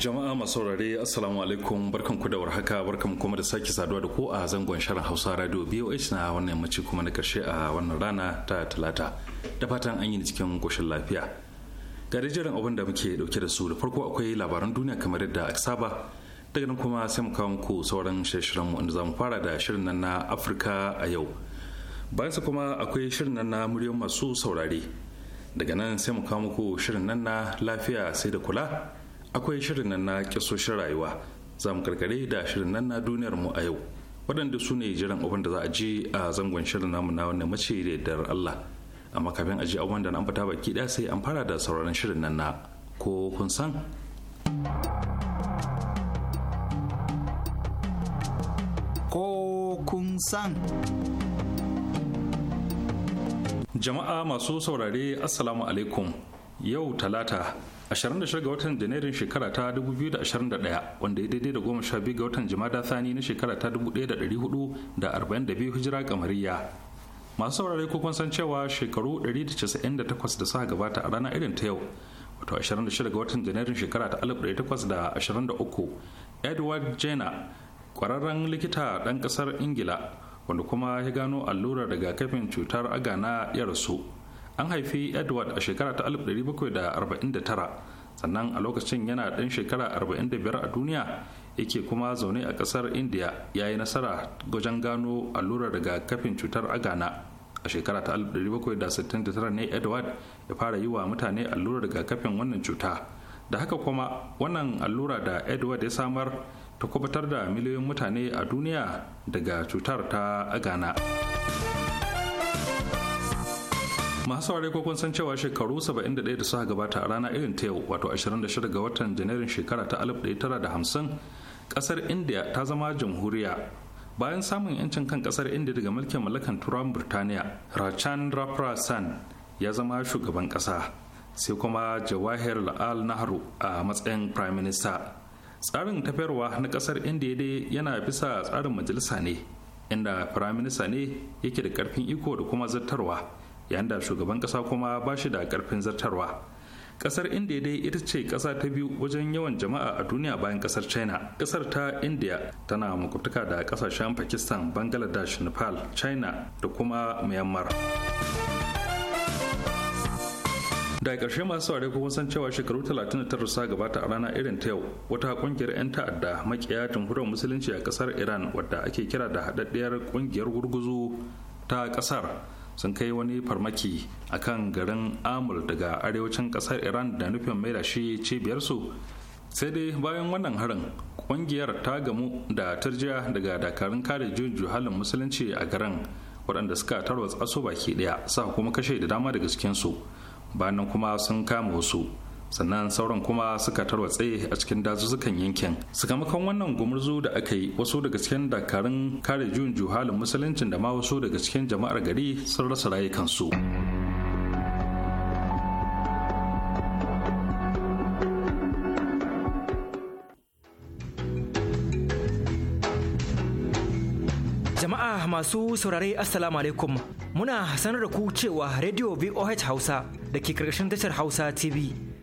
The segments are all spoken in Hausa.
jama'a masu saurare assalamu alaikum barkan ku da warhaka barkan kuma da sake saduwa da ku a zangon shirin hausa radio boh na wannan yammaci kuma na karshe a wannan rana ta talata da fatan an yi cikin koshin lafiya ga jiran abin da muke dauke da su da farko akwai labaran duniya kamar yadda aka saba daga nan kuma sai mu kawo muku sauran shirye mu inda za mu fara da shirin nan na afirka a yau bayan sa kuma akwai shirin nan na muryoyin masu saurare daga nan sai mu kawo muku shirin nan na lafiya sai da kula akwai shirin nan na kisoshin rayuwa za mu karkare da shirin nan na duniyar mu a yau waɗanda su ne jiran abin da za a ji a zangon shirin namu na wannan mace da yardar Allah amma kafin a ji abin da na ambata baki ɗaya sai an fara da sauraron shirin nan na ko kun san ko kun san jama'a masu saurare assalamu alaikum yau talata 26 ga watan janairun shekara ta 2021 wanda ya daidai da 12 ga watan jimada thani na shekara ta 1442 hijira kamariya masu saurare ko kun san cewa shekaru 198 da suka gabata a rana irin ta yau wato 26 ga watan janairun shekara ta 1823 edward jenner kwararren likita ɗan ƙasar ingila wanda kuma ya gano allurar rigakafin cutar agana ya rasu an haifi edward a shekara ta 1749 sannan a lokacin yana ɗan shekara 45 a duniya yake kuma zaune a ƙasar india ya yi nasara wajen gano allurar kafin cutar agana a shekara ta 1769 ne edward ya fara yi wa mutane allurar kafin wannan cuta da haka kuma wannan allura da edward ya samar ta kubutar da miliyoyin mutane a duniya daga cutar ta agana. masu saurare ko kun san cewa shekaru 71 da suka gabata a rana irin ta yau wato 26 ga watan janairun shekara ta 1950 kasar india ta zama jamhuriya bayan samun yancin kan kasar india daga mulkin mallakan turawan burtaniya rachan san ya zama shugaban kasa sai kuma jawahir la'al nahru a matsayin prime minister tsarin tafiyarwa na kasar india dai yana bisa tsarin majalisa ne inda prime minister ne yake da karfin iko da kuma zartarwa yayin da shugaban kasa kuma ba shi da karfin zartarwa kasar india dai ita ce kasa ta biyu wajen yawan jama'a a duniya bayan kasar china kasar ta india tana makwabtaka da kasashen pakistan bangladesh nepal china da kuma myanmar da ƙarshe masu saurare kuma san cewa shekaru 39 sa gabata a rana irin ta yau wata kungiyar 'yan ta'adda makiya jamhuriyar musulunci a kasar iran wadda ake kira da haɗaɗɗiyar kungiyar gurguzu ta kasar sun kai wani farmaki a kan garin amur daga arewacin kasar iran da nufin mai da shi su? sai dai bayan wannan harin kungiyar ta gamu da turjiya daga dakarun kare juju halin musulunci a garin waɗanda suka tarwatsa su baki ɗaya sa kuma kashe da dama daga cikinsu bayan kuma sun kama wasu sannan sauran kuma suka tarwatse a cikin dazuzzukan yankin sakamakon wannan gumurzu da aka yi wasu daga cikin dakarun kare juyin juhalin musuluncin da ma wasu daga cikin jama'ar gari sun rasa rayukansu jama'a masu saurare assalamu alaikum muna sanar da ku cewa radio voh hausa da ke karkashin tashar hausa tv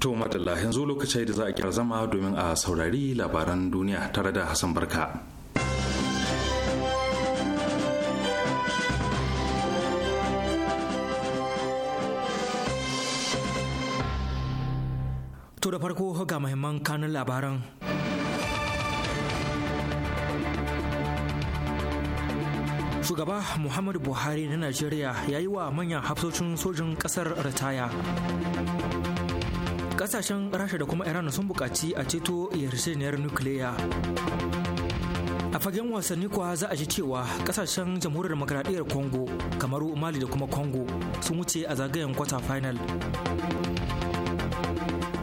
To madalla yanzu lokaci da za a kira zama domin a saurari labaran duniya tare da Hassan Barka. To da farko ga mahimman kanun labaran. shugaba muhammadu buhari na najeriya ya yi wa manyan hafsoshin sojin ƙasar ritaya kasashen rasha da kuma iran sun bukaci a ceto yarjejeniyar nukiliya a fagen wasanni kuwa za a ji cewa kasashen jamhuriyar makaradiyar congo kamaru mali da kuma congo sun wuce a zagayen kwata final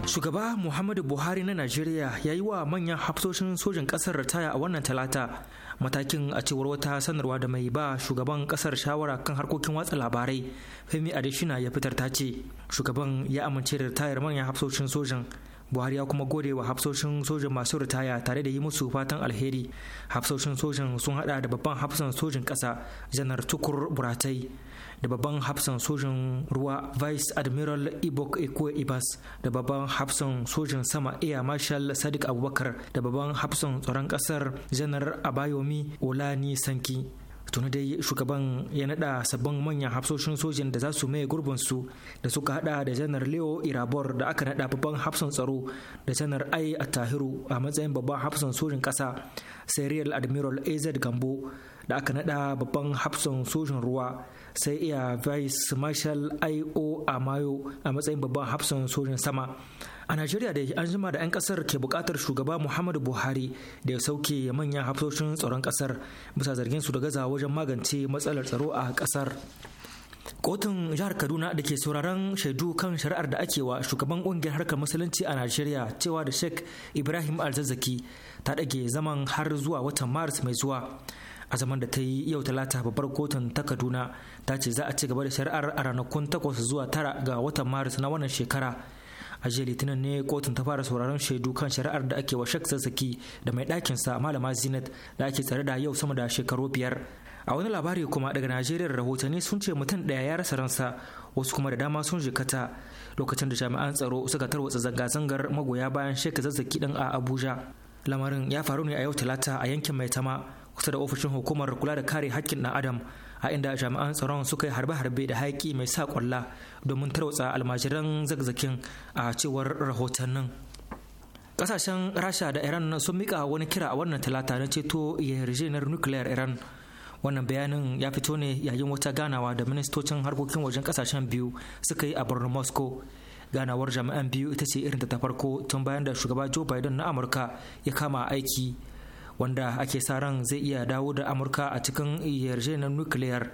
Shugaba Muhammadu Buhari na Najeriya ya yi wa manyan hafsoshin sojin ƙasar ritaya a wannan talata matakin a cewar wata sanarwa da mai ba shugaban ƙasar shawara kan harkokin watsa labarai Femi Adesina ya fitar ta ce shugaban ya amince da ritayar manyan hafsoshin sojin buhari ya kuma gode wa hafsoshin sojin masu ritaya tare da yi musu fatan alheri hafsoshin sojin sun hada da babban hafsan sojin kasa janar tukur buratai da babban hafsan sojin ruwa vice admiral ibok ekwe ibas da babban hafsan sojin sama air marshal sadiq abubakar da babban hafsan tsaron kasar janar abayomi olani sanki tuni dai shugaban ya nada sabbin manyan hafsoshin sojin da za su maye gurbin su da suka hada da janar leo irabor da aka nada babban hafsan tsaro da janar ai tahiru a matsayin babban hafsan sojin kasa sai real admiral az gambo da aka nada babban hafsan sojin ruwa sai iya vice marshal io amayo a matsayin babban hafsan sojin sama a najeriya da an jima da 'yan kasar ke bukatar shugaba muhammadu buhari da ya sauke manyan hafsoshin tsaron kasar bisa zargin su da gaza wajen magance matsalar tsaro a kasar kotun jihar kaduna da ke sauraron shaidu kan shari'ar da ake wa shugaban kungiyar harkar musulunci a najeriya cewa da sheikh ibrahim alzazzaki ta dage zaman har zuwa watan maris mai zuwa a zaman da ta yi yau talata babbar kotun ta kaduna ta ce za a ci gaba da shari'ar a ranakun takwas zuwa tara ga watan maris na wannan shekara a jiya litinin ne kotun ta fara sauraron shaidu kan shari'ar da ake wa shak sassaki da mai ɗakin sa malama zinat da ake tsare da yau sama da shekaru biyar a wani labari kuma daga najeriya rahotanni sun ce mutum ɗaya ya rasa ransa wasu kuma da dama sun jikata lokacin da jami'an tsaro suka tarwatsa zanga-zangar magoya bayan shek zazzaki ɗin a abuja lamarin ya faru ne a yau talata a yankin mai maitama kusa da ofishin hukumar kula da kare hakkin ɗan adam a inda jami'an tsaron suka yi harbe-harbe da haƙi mai sa kwalla domin tarwatsa almajiran zagzakin a cewar rahotannin kasashen rasha da iran sun mika wani kira a wannan talata na ceto yarjejeniyar nukiliyar iran wannan bayanin ya fito ne yayin wata ganawa da ministocin harkokin wajen kasashen biyu suka yi a birnin moscow ganawar jami'an biyu ita ce irin ta farko tun bayan da shugaba joe biden na amurka ya kama aiki wanda ake sa ran zai iya dawo da amurka a cikin yarjejeniyar nukiliyar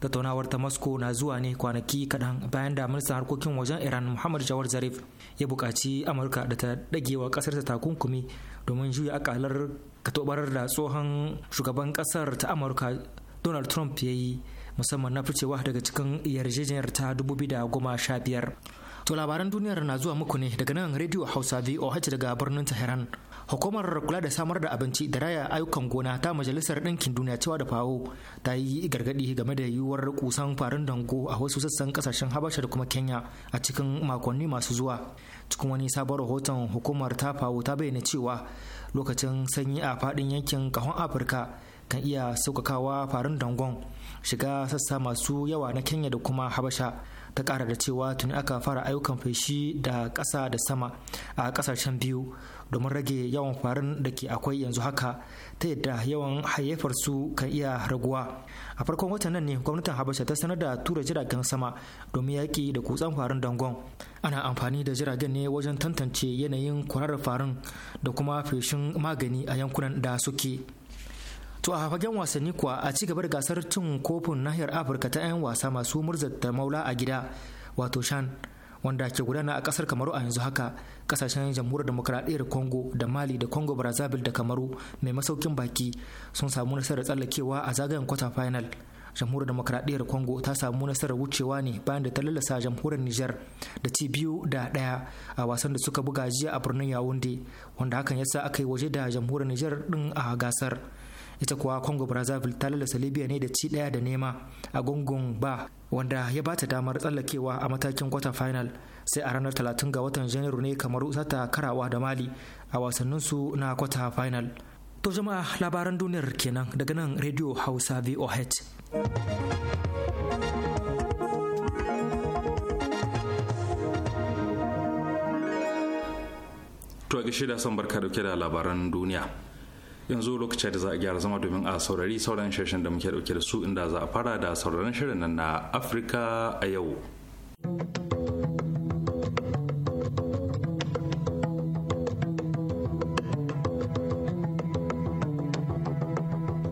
tattaunawar ta moscow na zuwa ne kwanaki kaɗan bayan da ministan harkokin wajen iran muhammad jawar zarif ya buƙaci amurka da ta wa ƙasar ta takunkumi domin juya akalar katobar da tsohon shugaban ƙasar ta amurka donald trump ya yi musamman na ficewa daga cikin yarjejeniyar ta goma sha biyar. to labaran duniyar na zuwa muku ne daga nan rediyo hausa voh daga birnin tehran hukumar kula da samar da abinci da raya ayyukan gona ta majalisar ɗinkin duniya cewa da fawo ta yi gargaɗi game da yiwuwar kusan farin dango a wasu sassan kasashen habasha da kuma kenya a cikin makonni masu zuwa cikin wani sabon rahoton hukumar ta fawo ta bayyana cewa lokacin sanyi a faɗin yankin kahon afirka kan iya saukakawa farin dangon shiga sassa masu yawa na kenya da kuma habasha ta ƙara da cewa tuni aka fara ayyukan feshi da ƙasa da sama a ƙasashen biyu domin rage yawan farin da ke akwai yanzu haka ta yadda yawan hayyafar su kan iya raguwa a farkon watan nan ne gwamnatin habasha ta sanar da tura jiragen sama domin yaƙi da kutsan farin dangon ana amfani da jiragen ne wajen tantance yanayin kwarar farin da kuma feshin magani a yankunan da suke To a fagen wasanni kuwa a ci gaba da gasar cin kofin nahiyar Afirka ta 'yan wasa masu murzata maula a gida wato shan wanda ke gudana a kasar kamaru a yanzu haka kasashen jamhuriyar demokradiyyar congo da mali da congo brazzaville da kamaru mai masaukin baki sun samu nasarar tsallakewa a zagayen kwata final jamhuriyar demokradiyyar congo ta samu nasarar wucewa ne bayan da ta lalasa jamhuriyar niger da ci biyu da daya a wasan da suka buga jiya a birnin yawunde wanda hakan yasa aka yi waje da jamhuriyar niger din a gasar ita kuwa congo brazzaville ta lalasa libya ne da ci daya da nema a gungun ba wanda ya ba ta damar tsallakewa a matakin kwata final sai a ranar 30 ga watan janairu ne kamar ta karawa da mali a wasannin su na kwata final to jama'a labaran duniyar kenan daga nan radio hausa voh To ga shida son barka dauke da labaran duniya. yanzu lokacin da za a gyara zama domin a saurari sauran shirin da muke dauke da su inda za a fara da sauraron shirin nan na afirka a yau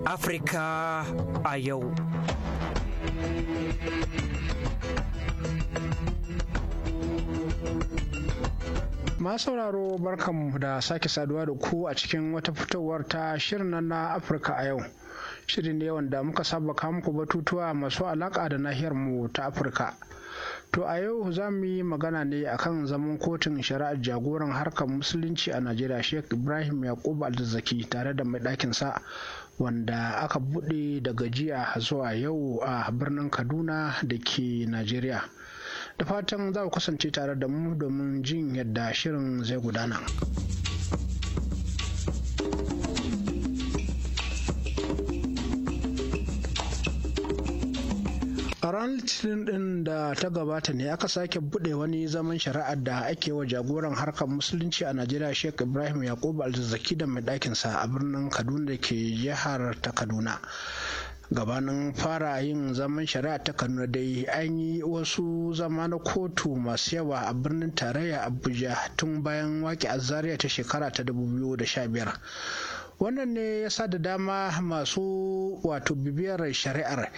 afirka a yau Masu sauraro barkanmu da sake saduwa da ku a cikin wata fitowar ta shirin nan na Afirka a yau. Shirin ne wanda muka saba muku batutuwa masu alaƙa da nahiyar mu ta Afirka. To a yau za mu yi magana ne akan zaman kotun shari'ar jagoran harkar musulunci a Najeriya Sheikh Ibrahim Yakub Alzaki tare da mai ɗakin sa wanda aka buɗe daga jiya zuwa yau a birnin Kaduna da ke Najeriya. da fatan za ku kasance tare da mu domin jin yadda shirin zai gudana. a ranar litinin din da ta gabata ne aka sake buɗe wani zaman shari'ar da ake wa jagoran harkar musulunci a najeriya sheikh ibrahim yakubu alzazzaki da mai ɗakinsa a birnin kaduna da ke jihar ta kaduna gabanin fara yin zaman shari'a ta kano dai an yi wasu zama na kotu masu yawa a birnin tarayya abuja tun bayan wake Zaria ta shekara ta 2015 wannan ne ya sa da dama masu wato bibiyar shari'ar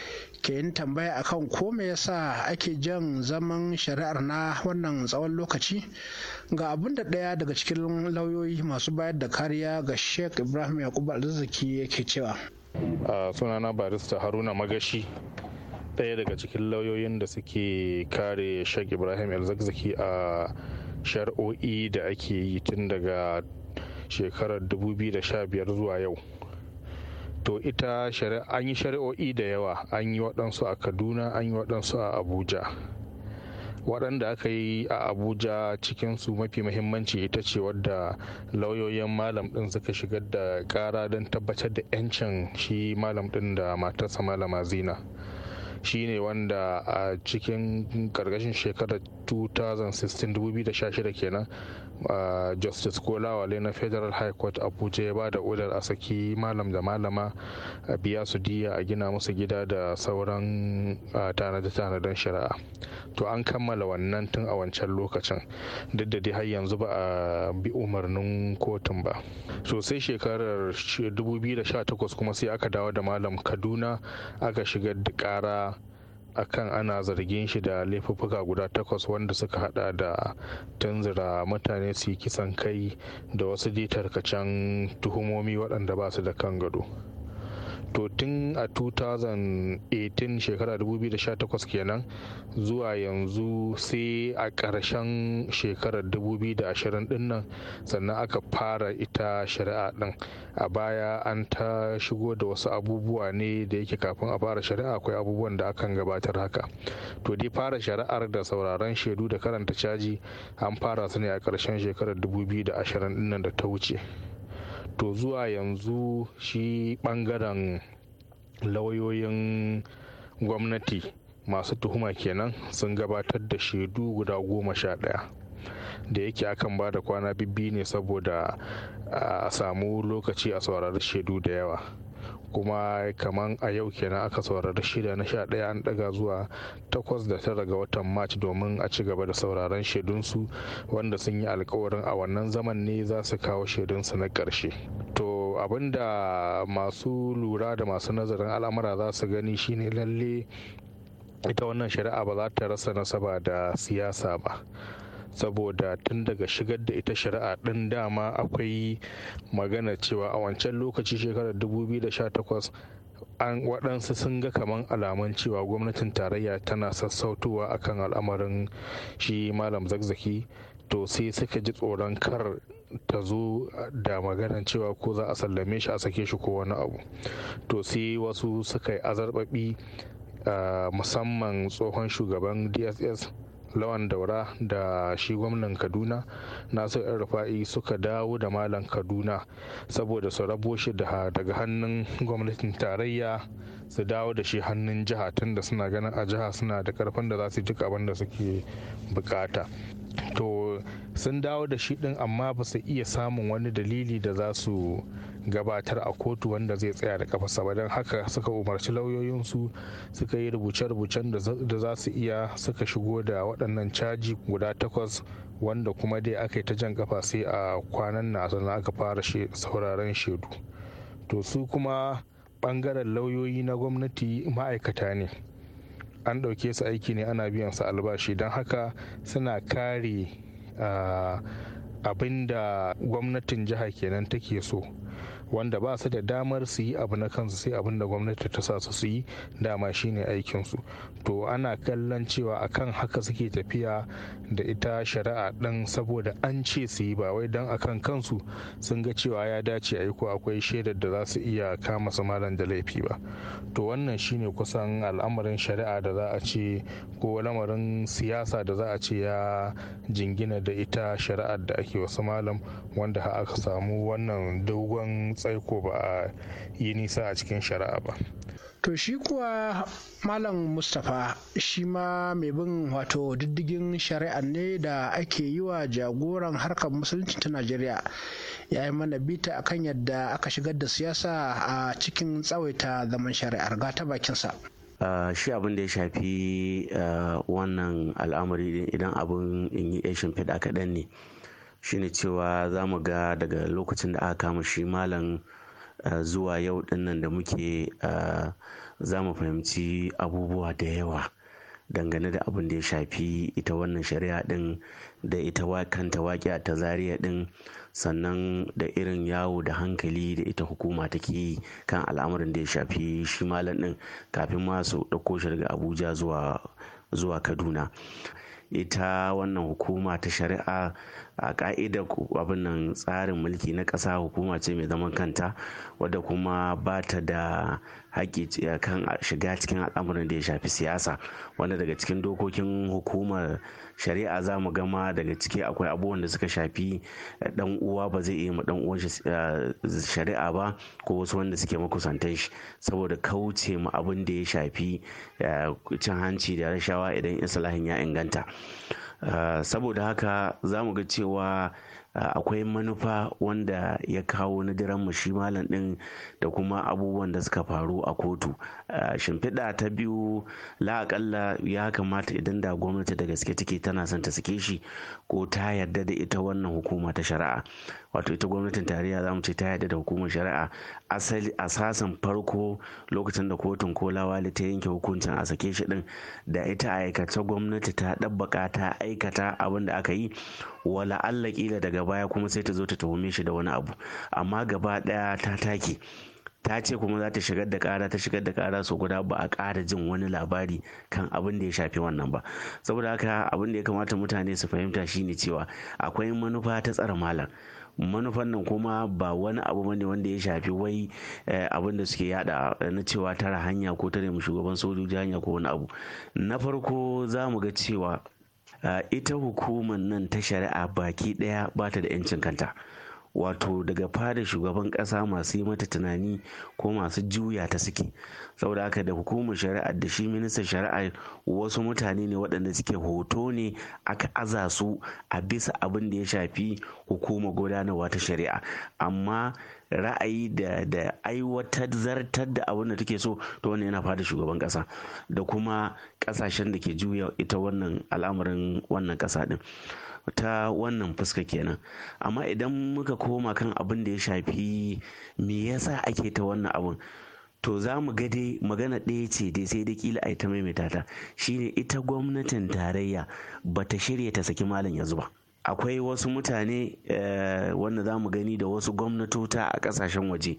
ke yin tambaya akan ko me yasa ake jan zaman shari'ar na wannan tsawon lokaci ga abin da ɗaya daga cikin lauyoyi masu bayar da kariya ga sheikh ibrahim yakubu alzaki yake cewa sunana barista haruna magashi ɗaya daga cikin lauyoyin da suke kare shag ibrahim elzakzaki a shari'o'i da ake yi tun daga shekarar 2015 zuwa yau to ita an yi shari'o'i da yawa an yi waɗansu a kaduna an yi waɗansu a abuja waɗanda aka yi a abuja cikinsu mafi muhimmanci ita ce wadda lauyoyin malam ɗin suka shigar da ƙara don tabbatar da 'yancin shi malam ɗin da matarsa malama zina shine wanda a cikin karkashin shekarar 2016-2016 kenan justice kola wale na federal high court abuja ya ba da odar a saki malam da malama a biya su diya a gina musu gida da sauran tanade-tanaden shari'a to an kammala wannan tun a wancan lokacin duk da har yanzu ba a bi umarnin kotun ba Sosai sai shekarar 2018 kuma sai aka dawo da malam kaduna aka shiga da kara akan ana zargin shi da laifuffuka guda takwas wanda suka hada da tunzura mutane su yi kisan kai da wasu tarkacen tuhumomi waɗanda ba su da kan gado. to tun a 2018 shekara 2018 kenan zuwa yanzu sai a ƙarshen shekarar 2020 din sannan aka fara ita shari'a din a baya an ta shigo da wasu abubuwa ne da yake kafin a fara shari'a akwai abubuwan da akan gabatar haka to dai fara shari'ar da sauraron shaidu da karanta caji an fara su ne a ƙarshen shekarar 2020 din da ta wuce. to zuwa yanzu shi bangaren lauyoyin gwamnati masu tuhuma kenan sun gabatar da shaidu guda goma sha daya da yake akan ba da kwana bibbi ne saboda a samu lokaci a saurari shaidu da yawa kuma kamar a yau kenan aka saurari shida na sha ɗaya an ɗaga zuwa takwas da tara ga watan march domin a ci gaba da sauraron shaidunsu wanda sun yi alkawarin a wannan zaman ne za su kawo shaidunsu na ƙarshe to abinda masu lura da masu nazarin al'amura za su gani shine lalle ita wannan shari'a ba za ta rasa nasaba da siyasa ba saboda tun daga shigar da ita shari'a ɗin dama akwai magana cewa a wancan lokaci shekarar 2018 an waɗansu sun ga kaman alamun cewa gwamnatin tarayya tana sassautowa akan al'amarin shi malam zakzaki to sai suka ji tsoron kar ta zo da maganar cewa ko za a sallame shi a sake shi ko wani abu to sai wasu suka yi azarbabi ah, musamman tsohon shugaban dss lawan daura da shi gwamnan kaduna na so yan rufa'i suka dawo da malam kaduna saboda su rabo shi daga hannun gwamnatin tarayya su dawo da shi hannun jiha tunda suna ganin a jiha suna da karfin da za su duk abin da suke bukata to sun dawo da shi din amma ba su iya samun wani dalili da za su gabatar a kotu wanda zai tsaya da kafa ba don haka suka umarci lauyoyinsu suka yi rubuce-rubucen da za su iya suka shigo da waɗannan caji guda takwas wanda kuma dai aka yi ta jan kafa sai a kwanan na sannan aka fara sauraren shaidu to su kuma ɓangaren lauyoyi na gwamnati ma'aikata ne an ɗauke su aiki ne ana biyan su albashi don haka suna kare ah, abin da gwamnatin jiha kenan take so wanda ba su da damar su yi abu na kansu sai abin da gwamnati ta sa su su yi dama shine aikinsu to ana kallon cewa akan haka suke tafiya da ita shari'a ɗin saboda an ce su yi ba wai don akan kansu sun ga cewa ya dace a yi ko akwai shaidar da za su iya kama su malam da laifi ba to wannan shine kusan al'amarin shari'a da za a ce ko lamarin siyasa da za a ce ya jingina da ita shari'ar da ake wasu malam wanda aka samu wannan dogon ko ba a yi nisa a cikin shari'a ba to shi kuwa malam mustapha shi ma mai bin wato diddigin shari'a ne da ake yi wa jagoran harkar musulunci ta najeriya ya yi mana bita a kan yadda aka shigar da siyasa a cikin tsawaita zaman shari'ar ga ta bakinsa Uh, shi abin da ya shafi uh, wannan al'amari idan abin in yi shimfiɗa kaɗan ne shine cewa za mu ga daga lokacin da aka kama shi malam zuwa yau dinnan da muke za mu fahimci abubuwa da yawa dangane da abin da ya shafi ita wannan shari'a din da ita kanta waƙi ta zariya din sannan da irin yawo da hankali da ita hukuma take yi kan al'amarin da ya shafi shi malam din kafin ma su ɗauko shi daga abuja zuwa kaduna ita wannan hukuma ta shari'a a ka'ida abin tsarin mulki na ƙasa hukuma ce mai zaman kanta wadda kuma ba ta da haƙƙi eh, kan shiga cikin al'amuran da ya shafi siyasa wanda daga cikin dokokin hukumar shari'a za mu gama daga ciki akwai abubuwan da suka shafi dan eh, uwa ba zai iya ma dan uwan shi eh, shari'a ba ko wasu wanda suke makusantan shi saboda kauce ma abin da ya shafi cin hanci da rashawa idan islahin ya inganta saboda haka za mu ga cewa Ah, akwai manufa wanda ya kawo na mu shi malam ɗin da kuma abubuwan da suka faru a kotu ah, shimfiɗa ta biyu la'akalla ya kamata idan da gwamnati da gaske take tana son ta sake shi ko ta yarda da ita wannan hukuma ta shari'a wato ita gwamnatin tarayya mu ce ta yarda da hukumar shari'a asali sasan farko lokacin da kotun kolawa ta yanke hukuncin a sake shi din da ita aikata gwamnati ta dabbaka ta aikata abin da aka yi wala Allah kila daga baya kuma sai ta zo ta tuhume shi da wani abu amma gaba daya ta take ta ce kuma za ta shigar da kara ta shigar da kara su guda ba a kara jin wani labari kan abin da ya shafi wannan ba saboda haka abin da ya kamata mutane su fahimta shine cewa akwai manufa ta tsare malam manufan nan kuma ba wani abu bane wanda ya shafi wai eh, abin da suke yada na cewa tara hanya ko tare mu shugaban sojoji hanya ko wani abu na farko za mu ga cewa eh, ita hukumar nan ta shari'a baki daya ba ta da 'yancin kanta wato daga fada shugaban kasa masu yi mata tunani ko masu juya ta suke saboda haka da hukumar shari'a da shi ministan shari'a wasu mutane ne waɗanda suke hoto ne aka aza su a bisa abin da ya shafi hukumar gudanarwa ta shari'a amma ra'ayi da da aiwatar zartar da abin da take so to wannan yana fada shugaban kasa da kuma kasashen da ke juya ita wannan al'amarin wannan kasa din ta wannan fuska kenan amma idan muka koma kan abin da ya shafi me yasa ake ta wannan abin to za mu ga dai magana ɗaya ce dai sai dai kila a ta maimaita ta shine ita gwamnatin tarayya ba ta shirya ta saki malam yanzu ba akwai wasu mutane eh, wanda za mu gani da wasu gwamnatota a ƙasashen waje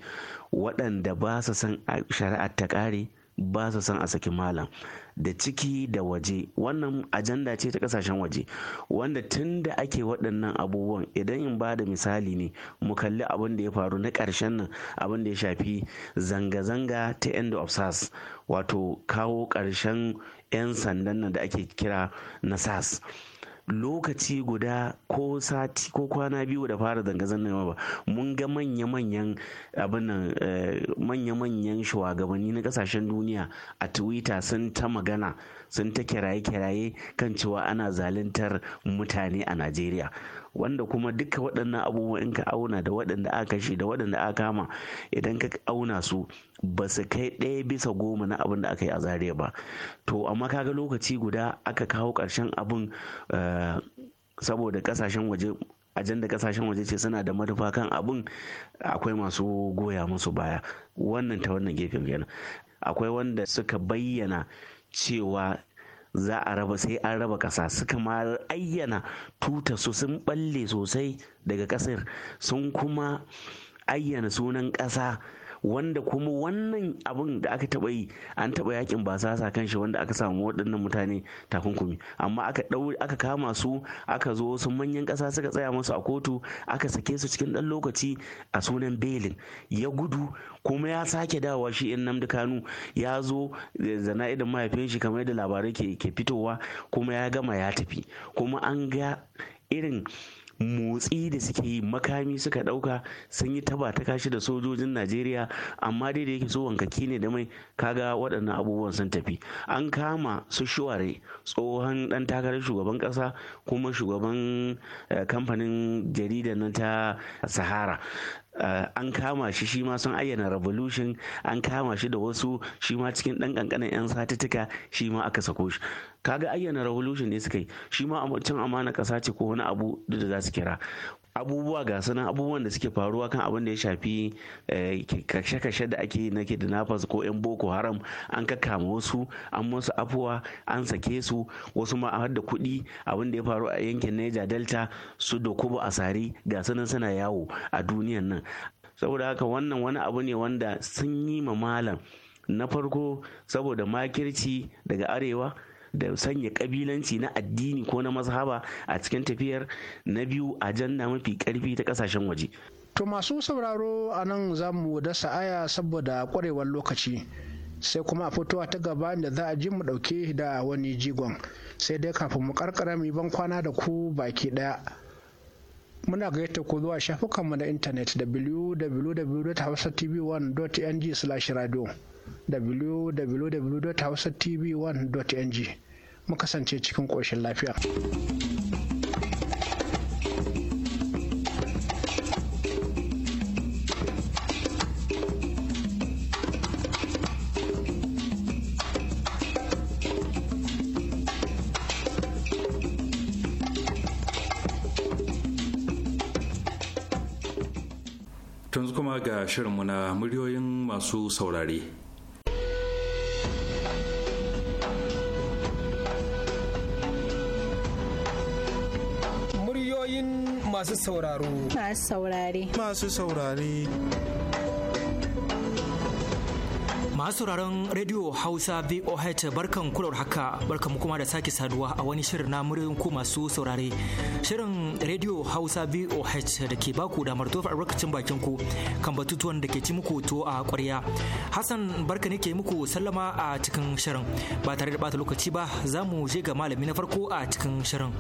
waɗanda ba su san shari'ar ta ƙare ba su son a saki malam da ciki da waje wannan ajanda ce ta kasashen waje wanda tun da ake waɗannan abubuwan idan in ba da misali ne mu kalli abin da ya faru na ƙarshen nan abin da ya shafi zanga-zanga ta end of sars wato kawo ƙarshen 'yan sandan nan da ake kira na sars lokaci guda ko sati ko kwana biyu da fara zanga-zangar ba mun ga manya-manyan abinan eh, manya-manyan shugabanni na kasashen duniya a twitter sun ta magana sun ta kiraye-kiraye kan cewa ana zaluntar mutane a najeriya wanda kuma duka waɗannan abubuwan in ka auna da waɗanda aka shi da waɗanda aka kama idan ka auna su ba su kai ɗaya bisa goma na abin da aka yi a zariya ba to amma kaga lokaci guda aka kawo ƙarshen abin eh, saboda ƙasashen waje ajanda kasashen waje ce suna da madafa kan abin akwai masu goya musu baya wannan ta wannan gefen kenan akwai wanda suka bayyana cewa za a raba sai an raba ƙasa suka ma ayyana tuta su sun balle sosai daga ƙasar sun kuma ayyana sunan ƙasa wanda kuma wannan abin da aka taba yi an taba yakin sa kan shi wanda aka samu waɗannan mutane takunkumi amma aka aka kama su aka zo wasu manyan ƙasa suka tsaya musu a kotu aka sake su cikin ɗan lokaci a sunan belin ya gudu kuma ya sake dawa shi in namdi kanu ya zo zana idan mahaifin shi kamar yadda labarai ke fitowa kuma ya gama ya tafi kuma an ga irin motsi da suke yi makami suka ɗauka sun yi taba ta kashi da sojojin najeriya amma dai da yake so wankaki ne da mai kaga waɗannan abubuwan sun tafi an kama su shuware tsohon ɗan takarar shugaban ƙasa kuma shugaban eh, kamfanin jarida na ta sahara Eh, an kama shi shi ma sun ayyana revolution an kama shi da wasu shi ma cikin ɗan ƙanƙanin 'yan satuttuka shi ma aka sako shi kaga ayyana revolution ne suka yi shi ma can amana ƙasa ce ko wani abu da za su kira abubuwa ga sunan abubuwan da suke faruwa kan abin da ya shafi eh, kashe-kashe da ake na kidnappers ko 'yan boko haram an kakkama wasu an musu afuwa an sake su wasu ma a da kuɗi abin da ya faru a yankin niger delta su da kubo asari ga sunan suna yawo a duniyan nan saboda haka wannan wani abu ne wanda sun yi ma malam na farko saboda makirci daga arewa da sanya kabilanci na addini ko na mazhaba a cikin tafiyar na biyu a ajanda mafi karfi ta kasashen waje to masu sauraro a nan za mu dasa aya saboda kwarewar lokaci sai kuma a fitowa ta gaba da za a ji mu dauke da wani jigon sai dai kafin mu karkara mu ban kwana da ku baki daya muna gayyata ku zuwa shafukanmu na intanet www.hausatv1.ng/radio www.hausatv1.ng mu kasance cikin ƙoshin lafiya. Tun kuma ga shirinmu na muryoyin masu saurare. masu sauraro masu saurare masu saurare masu sauraron rediyo hausa voh barkan kular haka barkan kuma da sake saduwa a wani shirin na muryoyin ku masu saurare shirin rediyo hausa voh da ke baku damar tofa albarkacin bakin ku kan batutuwan da ke ci muku to a kwarya hassan barka ne ke muku sallama a cikin shirin ba tare da bata lokaci ba za mu je ga malami na farko a cikin shirin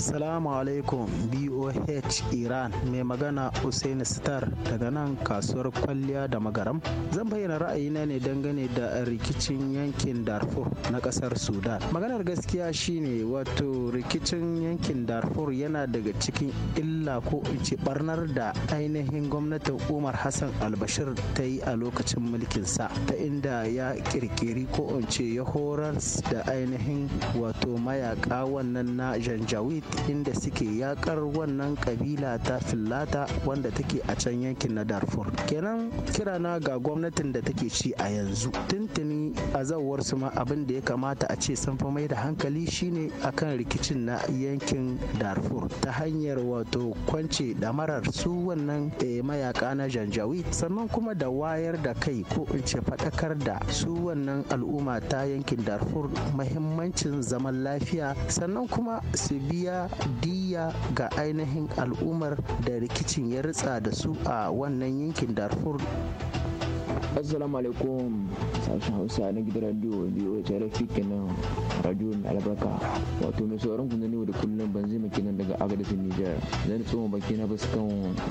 Assalamu alaikum BOH Iran mai magana Hussein Star daga nan kasuwar kwalliya da magaram. Zan bayyana ra'ayina ne dangane da rikicin yankin Darfur na kasar Sudan. Maganar gaskiya shine wato rikicin yankin Darfur yana daga cikin illa ko in ce barnar da ainihin gwamnatin Umar Hassan Albashir ta yi a lokacin mulkinsa ta inda ya kirkiri ko in ce ya horar da ainihin wato mayaka wannan na janjawid inda suke yaƙar wannan kabila ta fillata wanda take a can yankin na darfur kenan kirana ga gwamnatin da take ci a yanzu tuntuni a zawar su ma abin da ya kamata a ce sun fi mai da hankali shine akan rikicin na yankin darfur ta hanyar wato kwance damarar su wannan eh, mayaka na janjawi sannan kuma da wayar da kai ko in ce faɗakar da su wannan al'umma ta yankin darfur mahimmancin zaman lafiya sannan kuma su biya biya diya ga ainihin al'ummar da rikicin ya ritsa da su a wannan yankin darfur assalamu alaikum sashen hausa na gidan radio biyu ta rafi kenan radio mai albarka wato mai sauran ku ne da kullum ban zai maki nan daga agadis niger zan tsoma baki na basu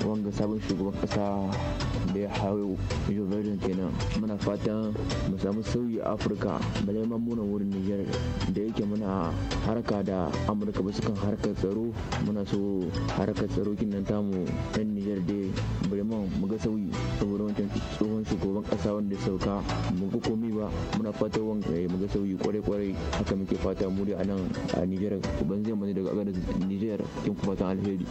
wanga sabon shugaban kasa da ya hawo joe biden kenan muna fatan mu samu sauyi a afirka ba zai wurin Nijar. da yake muna harka da amurka ba su kan harkar tsaro muna so harkar tsaro kinan tamu dan niger dai bari mu ga sauyi saboda wancan tsohon shugaban kasa wanda ya sauka mu ga komi ba muna fatan wanka eh, mu ga sauyi kwarai kwarai haka muke fata mu da anan a nijar ban zai mani daga agadar nijar kin fatan alheri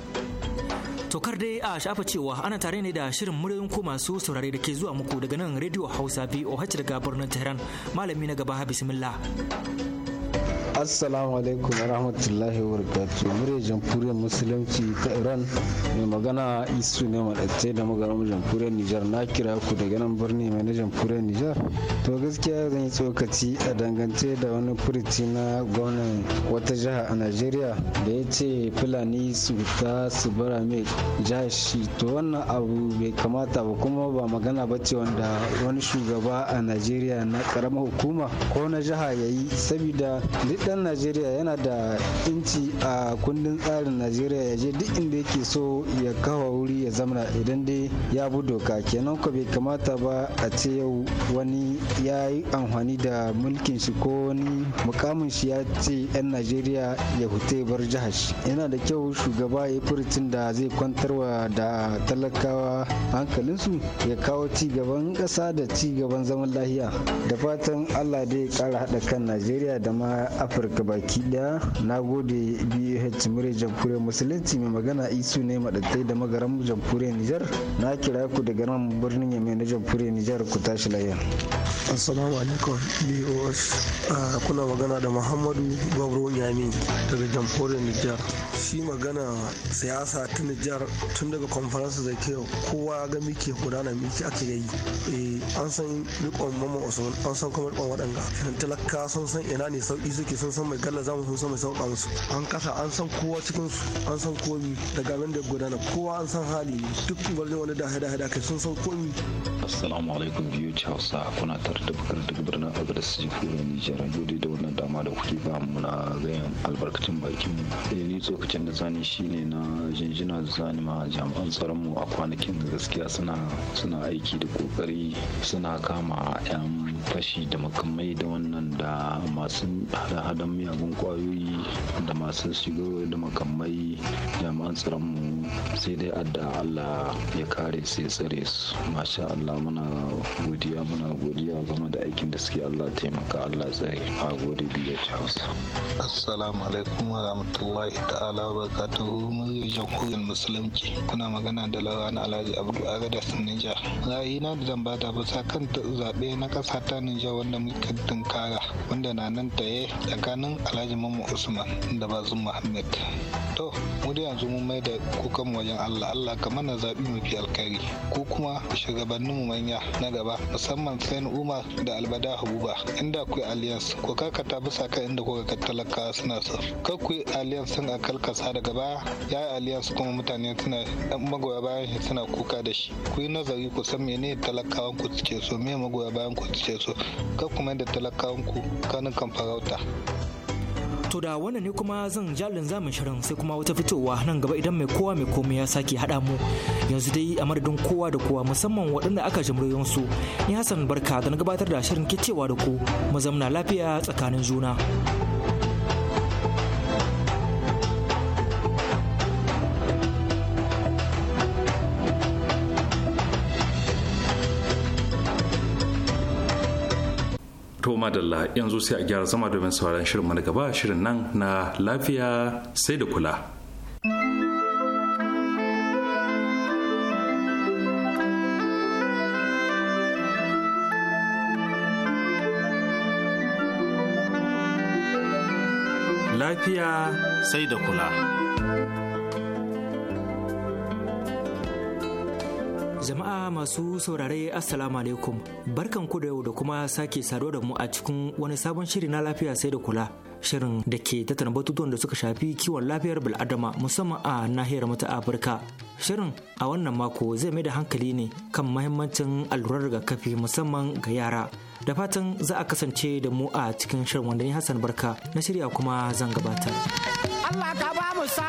Tokar dai a shafa cewa ana tare ne da shirin muryoyin ku masu saurare da ke zuwa muku daga nan Radio Hausa VOH daga birnin Tehran. Malami na gaba bismillah. assalamu alaikum wa rahmatullahi wa barakatu mure jamhuriyar musulunci ta iran mai magana isu ne maɗace da magaram jamhuriyar nijar na kira ku daga nan birni mai na jamhuriyar nijar to gaskiya zan yi tsokaci a dangance da wani furici na gwamnan wata jiha a najeriya da ya ce fulani su ta su bara mai jashi to wannan abu bai kamata ba kuma ba magana ba ce wanda wani shugaba a najeriya na karamar hukuma ko na jiha ya yi saboda duk dan najeriya yana da inci a kundin tsarin najeriya ya je duk inda yake so ya kawo wuri ya zamana idan dai ya bi doka kenan ko bai kamata ba a ce yau wani ya yi amfani da mulkin shi ko wani mukamin shi ya ce 'yan najeriya ya hute bar jihar shi yana da kyau shugaba ya furtin da zai kwantarwa da talakawa hankalinsu ya kawo ci gaban ƙasa da ci gaban zaman lahiya da fatan allah dai ya ƙara haɗa kan najeriya da ma afirka afirka baki daya na gode bh murya jamhuriyar musulunci mai magana isu ne madadai da magaran jamhuriyar nijar na kira ku daga nan birnin yamai na jamhuriyar nijar ku tashi layya assalamu alaikum bos ah, kuna magana da muhammadu gwabro yami daga jamhuriyar nijar shi magana siyasa ta nijar tun daga conference zai ke kowa ga muke gudana muke ake yi eh, an san rikon mama usman an san kuma rikon waɗanda talaka sun san ina ne sauki suke sun sun san mai galla zamu sun san mai sauka musu an kasa an san kowa cikin su an san komi daga abin da gudana kowa an san hali duk wani wani da haida haida kai sun san komi assalamu alaikum biyu hausa kuna tare da bukar duk birnin agres jamhuriyar nijar gode da wannan dama da kuke ba mu na gayan albarkacin bakin mu eh, ni tsokacin da zani shine na jinjina da zani ma jami'an tsaron mu a kwanakin gaskiya suna suna aiki da kokari suna kama yan fashi da makamai da wannan da masu hada don miyagun kwayoyi da masu shigo da makamai jami'an tsaronmu sai dai adda allah ya kare sai tsare su masha allah muna godiya muna godiya game da aikin da suke allah taimaka allah tsare a gode biyu hausa assalamu alaikum wa rahmatullahi ta'ala wa barakatuhu mai jamhuriyar musulunci kuna magana da lawana alhaji abdu agada sinija ra'ayina da zan bada basa kan zaɓe na ƙasa ta nijar wanda muka tunkara wanda na nan ta taye tsakanin alhaji mamman usman da bazin muhammad to mu da yanzu mun mai da kukan wajen Allah Allah ka mana zaɓi mafi alkhairi ko kuma shugabannin mu manya na gaba musamman Sain Umar da Albada Habuba inda ku alliance ko ta bisa kan inda kuka ga talaka suna so kar ku alliance sun akalkasa daga baya ya yi alliance kuma mutane suna magoya bayan suna kuka da shi ku yi nazari ku san menene talakawan ku suke so me magoya bayan ku suke so kar ku mai da talakawan ku kanin kan farauta To da wannan ne kuma zan jalin zamun shirin sai kuma wata fitowa nan gaba idan mai kowa mai komai ya sake haɗa mu yanzu dai a madadin kowa da kowa musamman waɗanda aka jimriyon su ni Hassan Barka da na gabatar da shirin kicewa da ku mu zamna lafiya tsakanin juna. To madalla yanzu sai a gyara zama domin sauran shirin mana gaba shirin nan na lafiya sai da kula. Lafiya sai da kula. Jama'a masu saurare Assalamu alaikum barkan ku da yau da kuma sake saduwa da mu a cikin wani sabon shiri na lafiya sai da kula shirin da ke tattara batutuwan da suka shafi kiwon lafiyar bil'adama musamman a nahiyar mata Afirka. Shirin a wannan mako zai mai da hankali ne kan mahimmancin allurar rigakafi musamman ga yara. Da fatan za a kasance da mu a cikin shirin wanda ni Hassan Barka na shirya kuma zan gabatar. Allah ka ba mu sa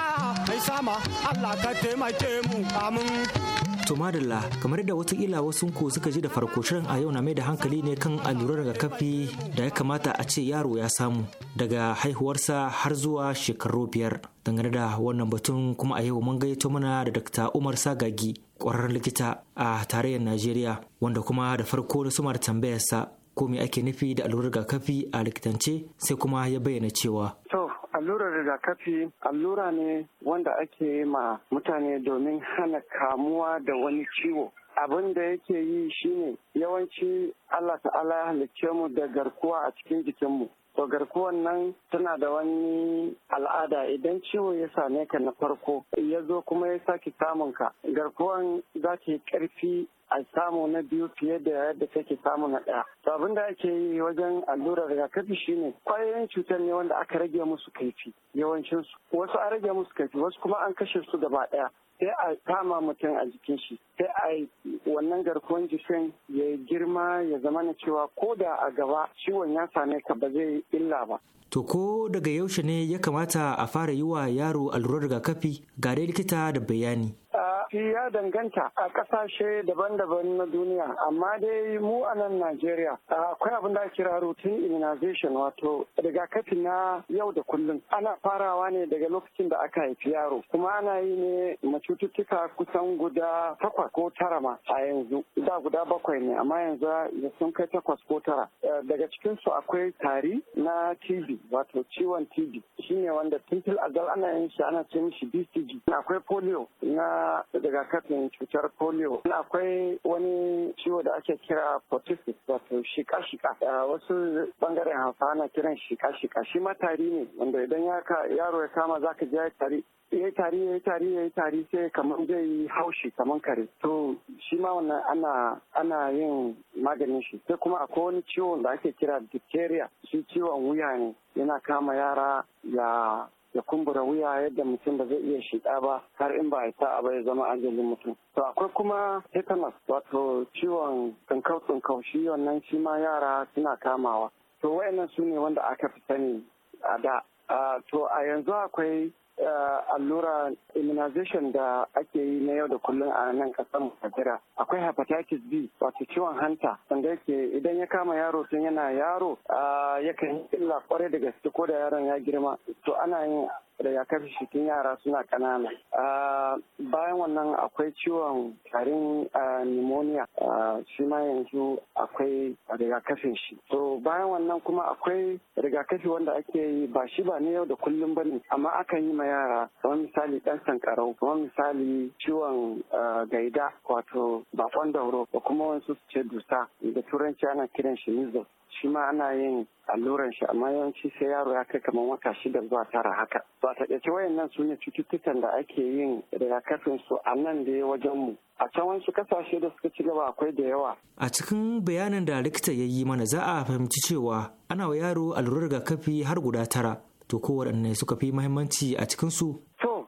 mai sama Allah ka taimake mu amin. To madalla kamar da watakila wasu ku suka ji da farko shirin a yau na mai da hankali ne kan allurar rigakafi da ya kamata a ce yaro ya samu daga haihuwarsa har zuwa shekaru biyar. Dangane da wannan batun kuma a yau mun gayyato mana da Dr. Umar Sagagi kwararren likita a tarayyar Najeriya wanda kuma da farko na sumar tambayarsa ko me ake nufi da allurar rigakafi a likitance sai kuma ya bayyana cewa. To allurar rigakafi allura ne wanda ake yi ma mutane domin hana kamuwa da wani ciwo abin da yake yi shine yawanci allah ta'ala ya halicce mu da garkuwa a cikin jikinmu to garkuwan nan tana da wani al'ada idan ciwo ya same ka na farko ya zo kuma ya sake samun ka garkuwan za ta yi ƙarfi a samu na biyu fiye da yadda kake samu na ɗaya. To abin da ake yi wajen allurar rigakafi shine kwayoyin cutar ne wanda aka rage musu kaifi yawancinsu. Wasu an rage musu kaifi wasu kuma an kashe su gaba ɗaya. sai a kama mutum a jikin shi sai a wannan garkuwan jikin ya girma ya zama na cewa ko da a gaba ciwon ya same ka ba zai illa ba To ko daga yaushe ne ya kamata a fara yi wa yaro allurar rigakafi ga dai likita da bayani. Shi ya danganta a ƙasashe daban-daban na duniya, amma dai mu a nan Najeriya akwai abin da kira routine immunization wato rigakafi na yau da kullum. Ana farawa ne daga lokacin da aka haifi yaro, kuma ana yi ne mace cututtuka kusan guda takwas ko tara ma a yanzu da guda bakwai ne amma yanzu ya sun kai takwas ko tara eh, daga cikinsu akwai tari na TB wato ciwon TB shine wanda tintil azal ana yin shi ana ce mishi BCG akwai polio na daga katin cutar polio akwai wani ciwo da ake kira potisis wato shika-shika eh, wasu bangaren hafa ana kiran shika-shika shi ma tari ne wanda idan yaro ya kama zaka ji tari ya yi tari ya yi tari ya yi tari sai kamar zai yi haushi kamar kare to shi ma wannan ana yin maganin shi sai kuma akwai wani ciwon da ake kira diphtheria shi ciwon wuya ne yana kama yara ya ya kumbura wuya yadda mutum ba zai iya shiga ba har in ba a sa'a ba ya zama ajalin mutum. To akwai kuma tetanus wato ciwon tsinkau tsinkau shi wannan shi ma yara suna kamawa. To wayannan su ne wanda aka fi sani a da. to a yanzu akwai Eh, allura immunization da ake yi na yau da kullum a nan kasar Najeriya akwai hepatitis B wato ciwon hanta wanda yake idan ya kama yaro tun yana yaro eh, yakan yi illa kwarai da gaske ko da yaron ya girma to ana yin rigakafi cikin yara suna ƙanana. Bayan wannan akwai ciwon tarin pneumonia shi ma yanzu akwai rigakafin shi. To bayan wannan kuma akwai rigakafi wanda ake yi ba shi ba ne yau da kullum ba ne amma akan yi ma yara kamar misali ɗan sankarau kamar misali ciwon gaida wato bakon dauro da kuma wani wasu ce dusa da turanci ana kiran shi measles. shi ma ana yin alluran shi amma yawanci sai yaro ya kai kamar wata shida zuwa tara haka to a takaice wayannan su ne cututtukan da ake yin rigakafin su a nan da ya wajen mu a can wasu kasashe da suka ci gaba akwai da yawa a cikin bayanin da likita ya yi mana za a fahimci cewa ana wa yaro allurar rigakafi har guda tara to ko suka fi muhimmanci a cikin su to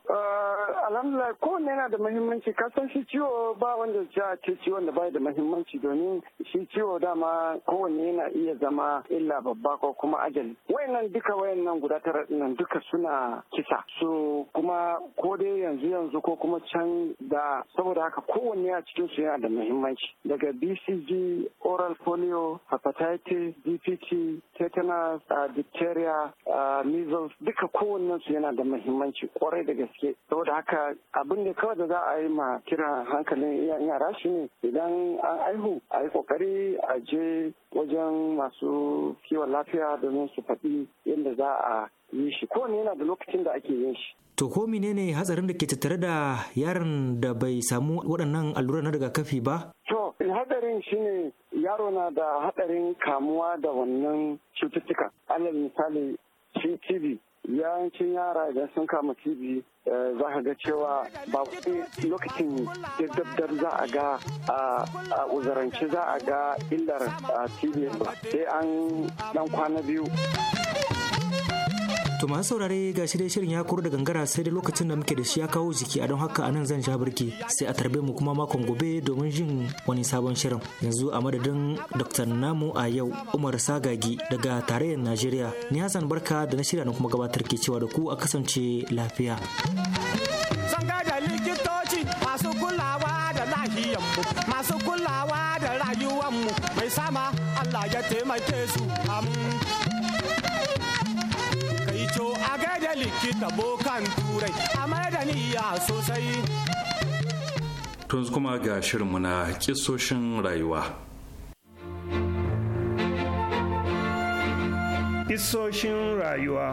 alhamdulillah ne yana da muhimmanci kasan shi ciwo ba wanda ja ce ciwon da bai da muhimmanci domin shi ciwo dama kowanne yana iya zama illa babba ko kuma ajali wayannan duka wayannan guda tara dinnan duka suna kisa so kuma ko dai yanzu yanzu ko kuma can da saboda haka kowanne a cikin su yana da muhimmanci daga BCG oral polio hepatitis DPT tetanus ah, diphtheria ah, measles duka kowannen su yana da muhimmanci kwarai da gaske saboda haka abin da kawai da za a yi ma kira hankalin iyayen yara shi ne idan an aihu a yi kokari a je wajen masu kiwon lafiya domin su faɗi yadda za a yi shi ne yana da lokacin da ake yin shi. To ko menene hatsarin da ke tattare da yaron da bai samu waɗannan allurar na daga kafi ba? To hadarin shine yaro na da hatsarin kamuwa da wannan cututtuka. Alal misali CTV yawancin yara idan sun kama tv eh, za ka ga cewa ba lokacin daddabdar za a ga a uzuranci za a ga illar tv ba sai an dan kwana biyu To masu saurare ga shirye shirin ya koro da gangara sai da lokacin da muke da shi ya kawo jiki a don haka anan zan sha birki sai a tarbe mu kuma makon gobe domin jin wani sabon shirin. Yanzu a madadin Dr. Namu a yau Umar Sagagi daga tarayyar Najeriya. Ni Hassan Barka da na shirya na kuma gabatar ke cewa da ku a kasance lafiya. Zan da likitoci masu kulawa da lahiyanmu masu kulawa da rayuwanmu mai sama Allah ya taimake su amin. a gaida likita bokan turai a mai da sosai tun kuma ga shirinmu na kisoshin rayuwa kisoshin rayuwa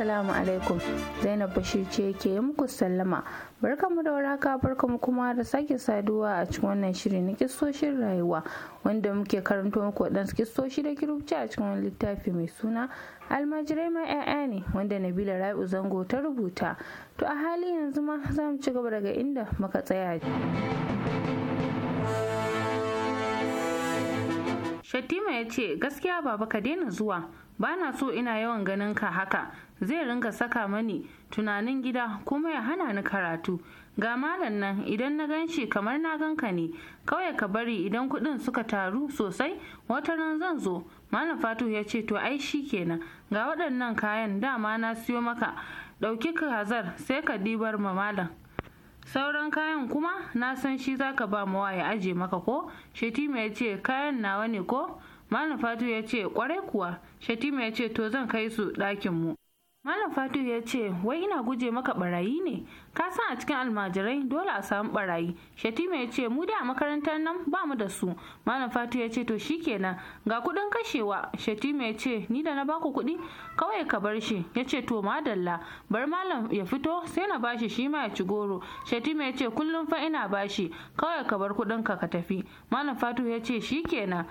Assalamu alaikum Zainab Bashir ce ke muku sallama. Barkamu da waraka barkamu kuma da sake saduwa a cikin wannan shiri na kistoshin rayuwa wanda muke karanto muku waɗansu kistoshi da kirubci a cikin wani littafi mai suna almajirai ma 'ya'ya ne wanda Nabila Rabi'u Zango ta rubuta. To a hali yanzu ma za mu ci gaba daga inda muka tsaya. Shattima ya ce gaskiya baba ka daina zuwa bana so ina yawan ganin ka haka zai ringa saka mani tunanin gida kuma ya hana ni karatu ga malam nan idan na gan shi kamar na ganka ne kawai ka bari idan kuɗin suka taru sosai wata ran zan zo malam fatu ya ce to ai shi kenan ga waɗannan kayan dama na siyo maka ɗauki kazar sai ka ɗibar ma malam sauran kayan kuma na san shi za ka ba mawa ya aje maka ko shetima ya ce kayan nawa ne ko malam fatu ya ce kwarai kuwa shetima ya ce to zan kai su ɗakin mu Malam Fatu ya ce, wai ina guje maka barayi ne? Ka san a cikin almajirai dole a samu barayi. Shatima ya ce, mu da a makarantar nan ba mu da su. Malam Fatu ya ce, to shi kenan, ga kuɗin kashewa. Shatima ya ce, ni da na ba ku kuɗi? Kawai ka bar shi. Ya ce, to madalla, bar malam ya fito sai na bashi shi ma ya ci goro. Shatima ya ce, kullum fa ina bashi. Kawai ka bar kuɗin ka ka tafi. Malam Fatu ya ce, shi kenan.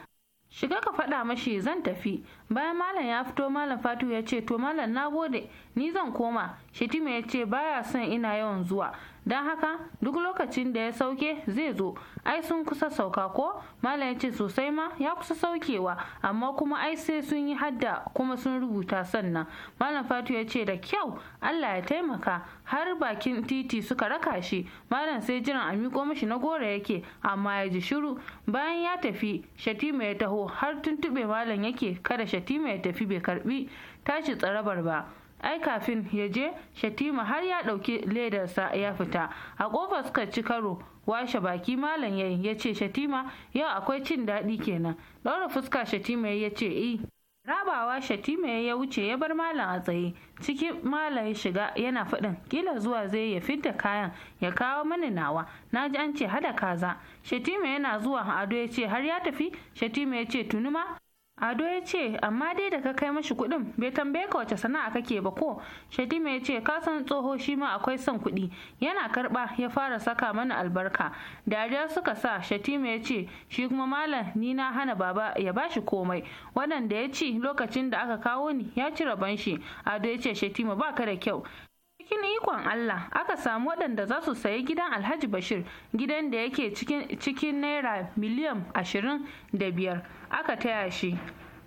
shiga ka faɗa mashi zan tafi bayan malam ya fito malam fatu ya ce to malam na gode ni zan koma shetima ya ce baya son ina yawan zuwa don haka duk lokacin da ya sauke zai zo ai sun kusa sauka ko malam ya ce sosai ma ya kusa saukewa amma kuma ai sai sun yi hadda kuma sun rubuta sannan malam fatu ya ce da kyau allah ya taimaka har bakin titi suka raka shi malam sai jiran a miƙo mashi na gora yake amma ya ji shiru bayan ya tafi shatima ya taho har tuntuɓe malam yake kada shatima ya tafi bai karbi tashi tsarabar ba ai kafin ya je shatima har ya ɗauki ledarsa ya fita a ƙofar suka ci karo washe baki malam yayi ya ce shatima yau akwai cin daɗi kenan ɗaura fuska shatima ya ce i eh. rabawa shatima ya wuce ya bar malam a tsaye ciki malam ya shiga yana faɗin kila zuwa zai ya fidda kayan ya kawo mani nawa na ji an ce hada kaza shatima yana zuwa ado ya ce har ya tafi shatima ya ce tunuma Ado ya ce, amma dai da ka kai mashi kuɗin bai tambaye ka wace sana'a kake ba ko? Shatima ya ce, ka san tsoho shi ma akwai son kuɗi. Yana karɓa ya fara saka mana albarka. Dariya suka sa Shatima ya ce, shi kuma malam ni na hana baba ya bashi komai. Waɗanda ya ci lokacin da aka kawo ni ya ci rabon shi. Ado ya ce, Shatima ba ka da kyau. cikin ikon Allah aka samu waɗanda za su sayi gidan Alhaji Bashir gidan da yake cikin naira miliyan ashirin da biyar aka taya shi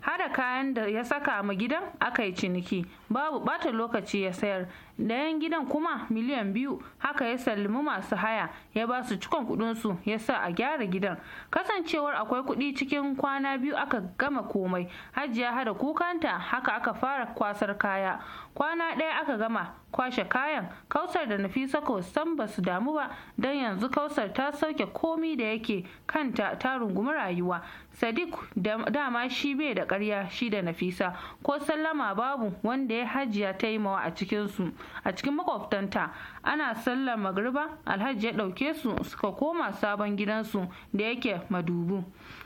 hada kayan da ya saka mu gidan aka yi ciniki babu bata lokaci ya sayar dayan gidan kuma miliyan biyu haka ya sallami masu haya ya ba su cikon kudinsu ya sa a gyara gidan kasancewar akwai kudi cikin kwana biyu aka gama komai hajiya hada kukanta haka aka fara kwasar kaya kwana ɗaya aka gama kwashe kayan kausar da nafisa ko san ba su damu ba don yanzu kausar ta sauke komi da yake kanta ta rungumi rayuwa sadiq dama shi bai da karya shi da nafisa ko sallama babu wanda ya ɗaya hajiya ta yi mawa a cikinsu a cikin makwabtanta ana sallar magriba alhaji ya ɗauke su suka koma sabon gidansu da yake madubu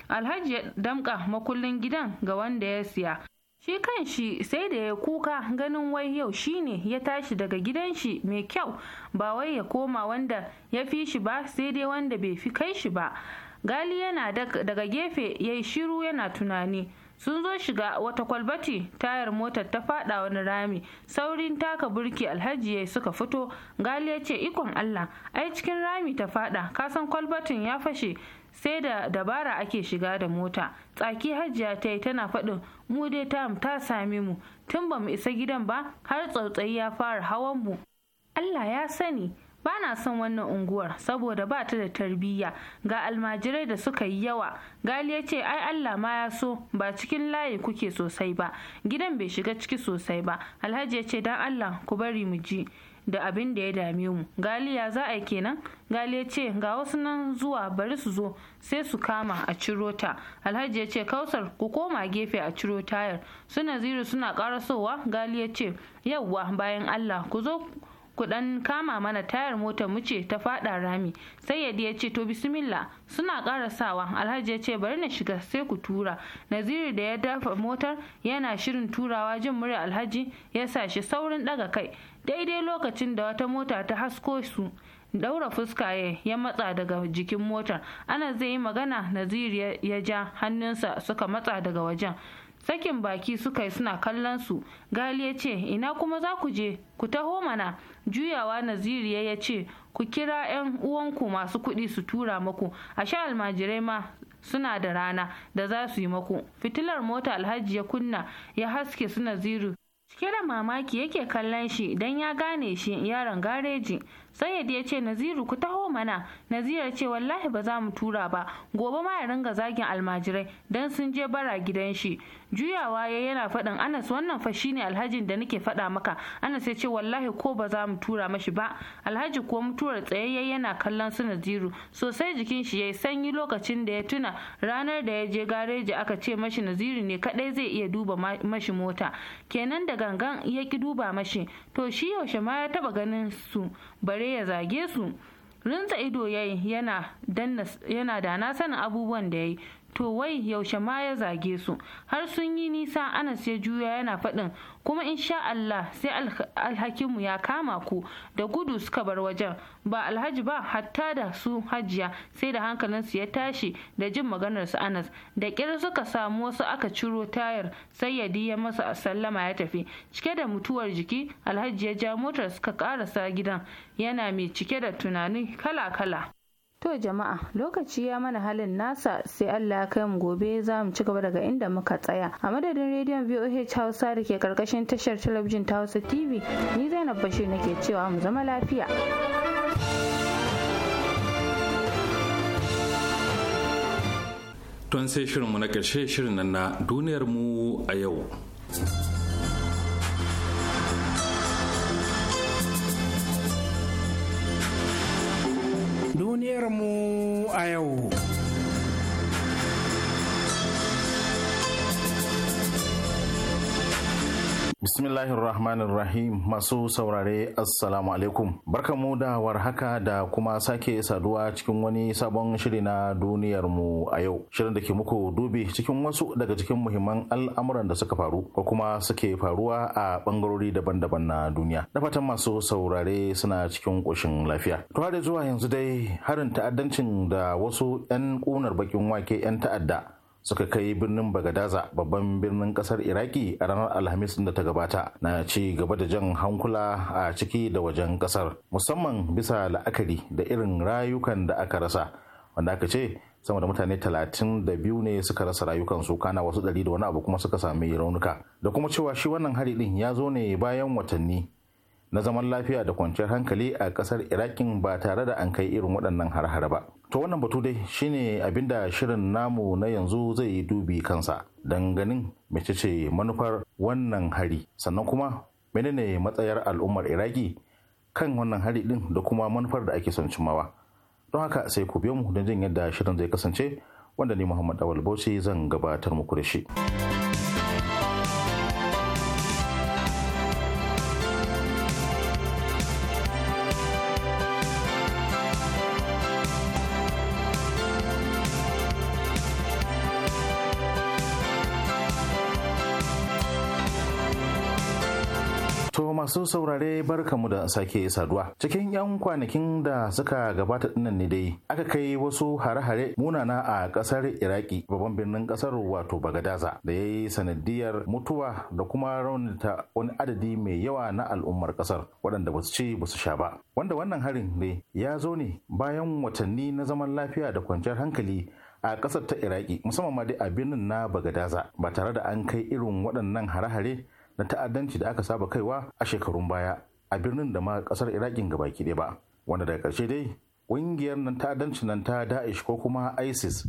alhaji ya damƙa makullin gidan ga wanda ya siya shi kan shi sai da ya kuka ganin wai yau shi ne ya tashi daga gidan shi mai kyau ba wai ya koma wanda ya fi shi ba sai dai wanda bai fi kai shi ba gali yana daga gefe ya yi shiru yana tunani sun zo shiga wata kwalbati tayar motar ta fada wani rami saurin taka burki alhaji ya suka fito gali ya ce ikon allah ai cikin rami ta fada kasan kwalbatin ya fashe sai da dabara ake shiga da mota tsaki hajiya ta yi tana faɗin mu dai tam ta sami mu tun ba mu isa gidan ba har tsautsayi ya fara hawan mu allah ya sani ba na son wannan unguwar saboda ba ta da tarbiyya ga almajirai da suka yi yawa gali ya ce ai allah ma ya so ba cikin layi kuke sosai ba gidan bai shiga ciki sosai ba alhaji ya ce dan allah ku bari mu ji da abin da ya dame mu galiya za a yi kenan gali ya ce ga wasu nan zuwa bari su zo sai su kama a ciro ta alhaji ya ce kausar ku koma gefe a ciro tayar su naziru suna karasowa gali ya ce yauwa bayan allah ku zo ku dan kama mana tayar motar mu ce ta fada rami sai yadi ya ce to bismillah suna karasawa alhaji ya ce bari na shiga sai ku tura naziru da ya dafa motar yana shirin turawa jin murya alhaji ya sa shi saurin daga kai daidai lokacin da wata mota ta hasko su daura fuska ya matsa daga jikin motar ana zai yi magana Naziru ya ja hannunsa suka matsa daga wajen sakin baki suka yi suna kallon su gali ya ce ina kuma za ku je ku taho mana juyawa naziriya ya ce ku kira 'yan uwanku masu kuɗi su tura maku a sha almajirai ma suna da rana da za su yi maku fitilar mota alhaji ya kunna ya haske su naziru cike da mamaki yake kallon shi don ya gane shi yaron gareji sayyid ya ce naziru ku taho mana naziru ce wallahi ba za mu tura ba gobe ma ya ringa zagin almajirai don sun je bara gidan shi juyawa ya yana faɗin anas wannan fa shine alhajin da nake faɗa maka anas ya ce wallahi ko ba za mu tura mashi ba alhaji mu mutuwar tsayayye yana kallon su naziru sosai jikin shi yayi sanyi lokacin da ya tuna ranar da ya je gareji aka ce mashi naziru ne kadai zai iya duba mashi mota kenan da gangan ya ki duba mashi to shi yaushe ma ya taba ganin su bare ya zage su rinsa ido yayi yana da na sanin abubuwan da yayi to wai yaushe ma ya zage su har sun yi nisa anas ya juya yana faɗin kuma insha Allah sai alhakimu ya kama ku da gudu suka bar wajen ba alhaji ba hatta da su hajiya sai da hankalinsu ya tashi da jin maganar su anas da ƙir suka samu wasu aka ciro tayar sai ya diya masa sallama ya tafi cike da mutuwar jiki alhaji ya ja motar suka karasa gidan yana mai cike da tunani kala-kala To jama'a lokaci ya mana halin nasa sai Allah ya kai mu gobe za mu ci gaba daga inda muka tsaya. A madadin rediyon VOH Hausa da ke karkashin tashar talabijin ta Hausa TV ni Zainab Bashir nake cewa mu zama lafiya. tun sai shirinmu na ƙarshe shirin na duniyar mu a yau. duniyarmu a yau. Bismillahirrahmanirrahim masu saurare assalamu alaikum barkamu da warhaka da kuma sake saduwa cikin wani sabon shiri na duniyarmu a yau shirin da ke muku dubi cikin wasu daga cikin muhimman al'amuran da suka faru ko kuma suke faruwa a bangarori daban-daban na duniya na fatan masu saurare suna cikin ƙoshin lafiya to da zuwa yanzu dai harin ta'addancin da wasu 'yan ƙunar bakin wake 'yan ta'adda suka kai birnin bagadaza babban birnin kasar iraki a ranar alhamis da ta gabata na ci gaba da jan hankula a ciki da wajen kasar musamman bisa la'akari da irin rayukan da aka rasa wanda aka ce sama da mutane 32 ne suka rasa rayukan rayukansu kana wasu ɗari da wani abu kuma suka sami raunuka da kuma cewa shi wannan hari din ya zo ne bayan watanni na zaman lafiya da kwanciyar hankali a ƙasar irakin ba tare da an kai irin waɗannan har-har ba To wannan batu dai shine abinda shirin namu na yanzu zai yi dubi kansa danganin mecece manufar wannan hari sannan kuma menene matsayar al'ummar Iraki kan wannan hari din da kuma manufar da ake son cimawa. Don haka sai ku biyo mu don jin yadda shirin zai kasance wanda ni Muhammad Awal Bauchi zan gabatar muku da shi. saurare saurare barkamu da sake saduwa. Cikin 'yan kwanakin da suka gabata dinnan ne dai aka kai wasu hare-hare munana a ƙasar Iraki babban birnin ƙasar wato Bagadaza da ya yi sanadiyar mutuwa da kuma raunata wani adadi mai yawa na al'ummar ƙasar waɗanda ba su ci ba su sha ba. Wanda wannan harin ne ya zo ne bayan watanni na zaman lafiya da kwanciyar hankali a ƙasar ta Iraki musamman ma dai a birnin na Bagadaza ba tare da an kai irin waɗannan hare-hare na ta'addanci da aka saba kaiwa a shekarun baya a birnin da ma kasar irakin gabaki ɗaya ba wanda daga ƙarshe dai ƙungiyar nan ta'addanci nan ta da'ish ko kuma isis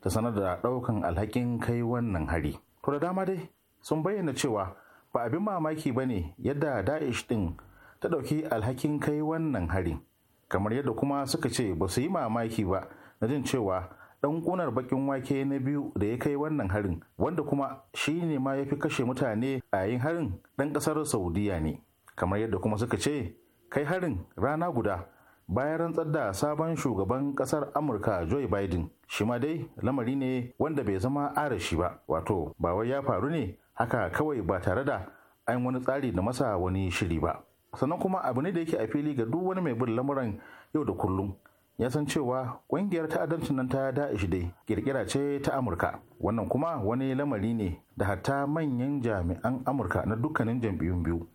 ta sanar da ɗaukan alhakin kai wannan hari to da dama dai sun bayyana cewa ba abin mamaki ba ne yadda da'ish ɗin ta ɗauki alhakin kai wannan hari kamar yadda kuma suka ce ba su yi mamaki ba na jin cewa dan kunar bakin wake na biyu da ya kai wannan harin wanda kuma shi ne ma ya fi kashe mutane a yin harin dan kasar saudiya ne kamar yadda kuma suka ce kai harin rana guda bayan rantsar da sabon shugaban kasar amurka joe biden shi ma dai lamari ne wanda bai zama arashi ba wato ba wai ya faru ne haka kawai ba tare da an wani tsari da masa wani shiri ba sannan kuma abu ne da yake a fili ga duk wani mai bin lamuran yau da kullum ya san cewa ƙungiyar ta'addancin nan ta da'ish dai kirkira ce ta amurka wannan kuma wani lamari ne da hatta manyan jami'an amurka na dukkanin jam'iyyun biyu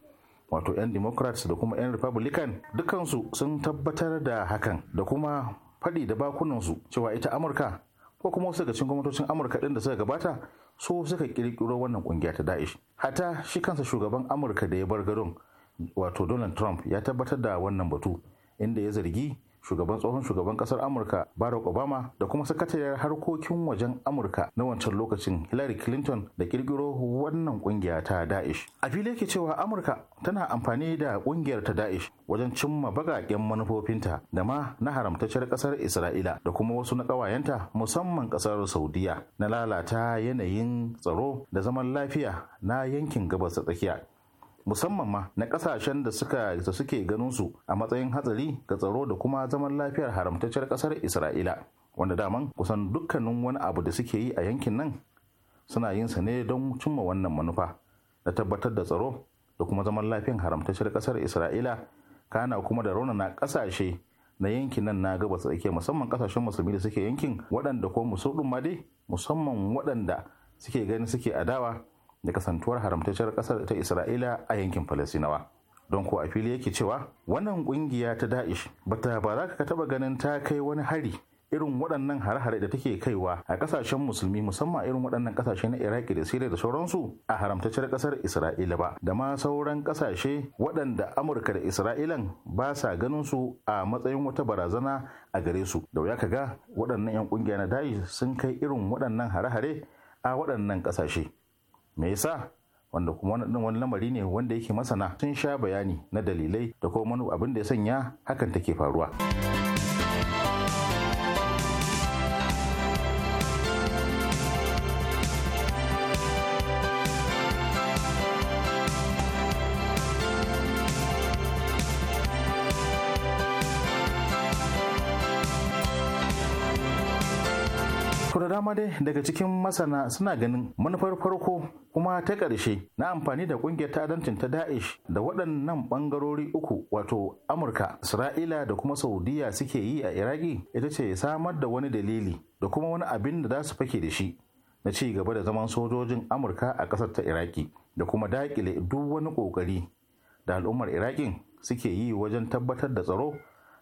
wato 'yan democrats da kuma 'yan republican dukansu sun tabbatar da hakan da kuma faɗi da bakunansu cewa ita amurka ko kuma wasu daga cikin gwamnatocin amurka ɗin da suka gabata su suka kirkiro wannan kungiya ta da'ishi. Hata shi kansa shugaban Amurka da ya bar garin wato Donald Trump ya tabbatar da wannan batu inda ya zargi shugaban tsohon shugaban kasar amurka barack obama da kuma sakatariyar harkokin wajen amurka na wancan lokacin hillary clinton da kirkiro wannan kungiya ta daesh a fili yake cewa amurka tana amfani da kungiyar ta daesh wajen cimma bagaken manufofinta da ma na haramtacciyar kasar isra'ila da kuma wasu na kawayenta musamman kasar saudiya na lalata yanayin tsaro da zaman lafiya na yankin gabas ta tsakiya musamman ma na kasashen da suka da suke ganin su a matsayin hatsari ga tsaro da kuma zaman lafiyar haramtacciyar kasar Isra'ila wanda daman kusan dukkanin wani abu da suke yi a yankin nan suna yin sa ne don cimma wannan manufa Na tabbatar da tsaro da kuma zaman lafiyar haramtacciyar kasar Isra'ila kana kuma da raunana kasashe na yankin nan na gabas tsakiya musamman kasashen musulmi da suke yankin waɗanda ko musulun ma dai musamman waɗanda suke gani suke adawa da kasantuwar haramtacciyar kasar ta isra'ila a yankin falasinawa don ko a fili yake cewa wannan kungiya ta da'ish bata ba za ka taba ganin ta kai wani hari irin waɗannan hare-hare da take kaiwa a ƙasashen musulmi musamman irin waɗannan ƙasashe na iraki da siriya da sauransu a haramtacciyar ƙasar isra'ila ba da ma sauran ƙasashe waɗanda amurka da isra'ilan ba sa ganin su a matsayin wata barazana a gare su da wuya ka ga waɗannan 'yan ƙungiya na da'ish sun kai irin waɗannan hare-hare a waɗannan ƙasashe me yasa wanda kuma wani lamari ne wanda yake masana sun sha bayani na dalilai da kuma wani abin da ya sanya hakan take faruwa. dama dai daga cikin masana suna ganin manufar farko kuma ta ƙarshe na amfani da ƙungiyar ta'adancin ta Da'ish da waɗannan ɓangarori uku wato Amurka, Isra'ila da kuma Saudiya suke yi a Iraki ita ce samar da wani dalili da kuma wani abin da za su fake da shi na ci gaba da zaman sojojin Amurka a ƙasar ta Iraki da kuma daƙile duk wani ƙoƙari da al'ummar iraki suke yi wajen tabbatar da tsaro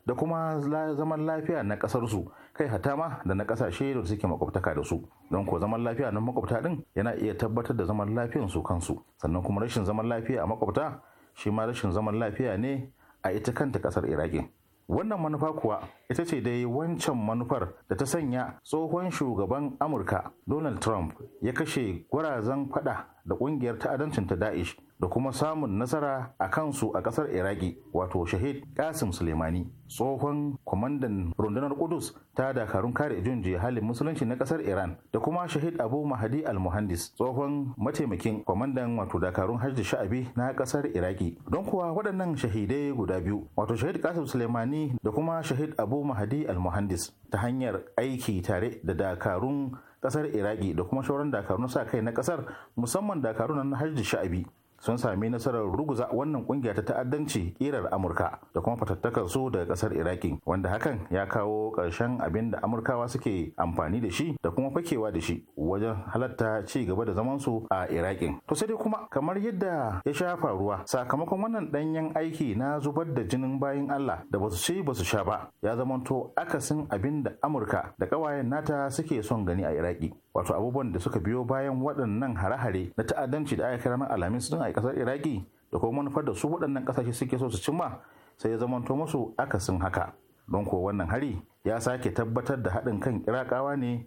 da kuma zaman lafiya na kasarsu kai hata ma da na kasashe da suke makwabtaka da su don ko zaman lafiya na makwabta din yana iya tabbatar da zaman lafiyan su kansu sannan kuma rashin zaman lafiya a makwabta shi ma rashin zaman lafiya ne a ita kanta kasar iraki wannan manufa kuwa ita ce dai wancan manufar da ta sanya tsohon shugaban amurka donald trump ya kashe gwarazan fada da kungiyar ta'adancin ta Da'ish da kuma samun nasara a kansu a kasar Iraki wato Shahid Qasim Suleimani tsohon kwamandan rundunar Kudus ta dakarun kare jin halin musulunci na kasar Iran da kuma Shahid Abu Mahdi Al-Muhandis tsohon mataimakin kwamandan wato dakarun Hajji Sha'abi na kasar Iraki don kuwa waɗannan shahidai guda biyu wato Shahid Qasim Suleimani da kuma Shahid Abu Mahdi Al-Muhandis ta hanyar aiki tare da dakarun kasar iraki da kuma shauran dakarun sa kai na kasar musamman dakarun na hajji sha'abi sun sami nasarar ruguza wannan kungiya ta ta'addanci kirar amurka da kuma fatattakar su daga kasar iraki wanda hakan ya kawo ƙarshen abin da amurkawa suke amfani da shi da kuma fakewa da shi wajen halatta ci gaba da zaman su a iraki to sai dai kuma kamar yadda ya sha faruwa sakamakon wannan danyen aiki na zubar da jinin bayan allah da basu ci basu sha ba ya zamanto akasin abin da amurka da ƙawayen nata suke son gani a iraki wato abubuwan da suka biyo bayan waɗannan hare-hare na ta'addanci da aka kira na alhamis sun a ƙasar iraki da kuma manufar da su waɗannan ƙasashe suke so su cimma sai ya zamanto musu akasin haka don ko wannan hari ya sake tabbatar da haɗin kan irakawa ne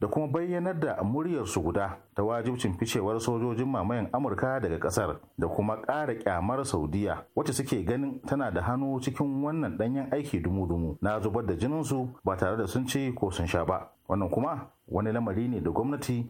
da kuma bayyanar da muryarsu guda ta wajibcin ficewar sojojin mamayan amurka daga kasar da kuma ƙara kyamar saudiya wacce suke ganin tana da hannu cikin wannan ɗanyen aiki dumu-dumu na zubar da jininsu ba tare da sun ci ko sun sha ba wannan kuma wani lamari ne da gwamnati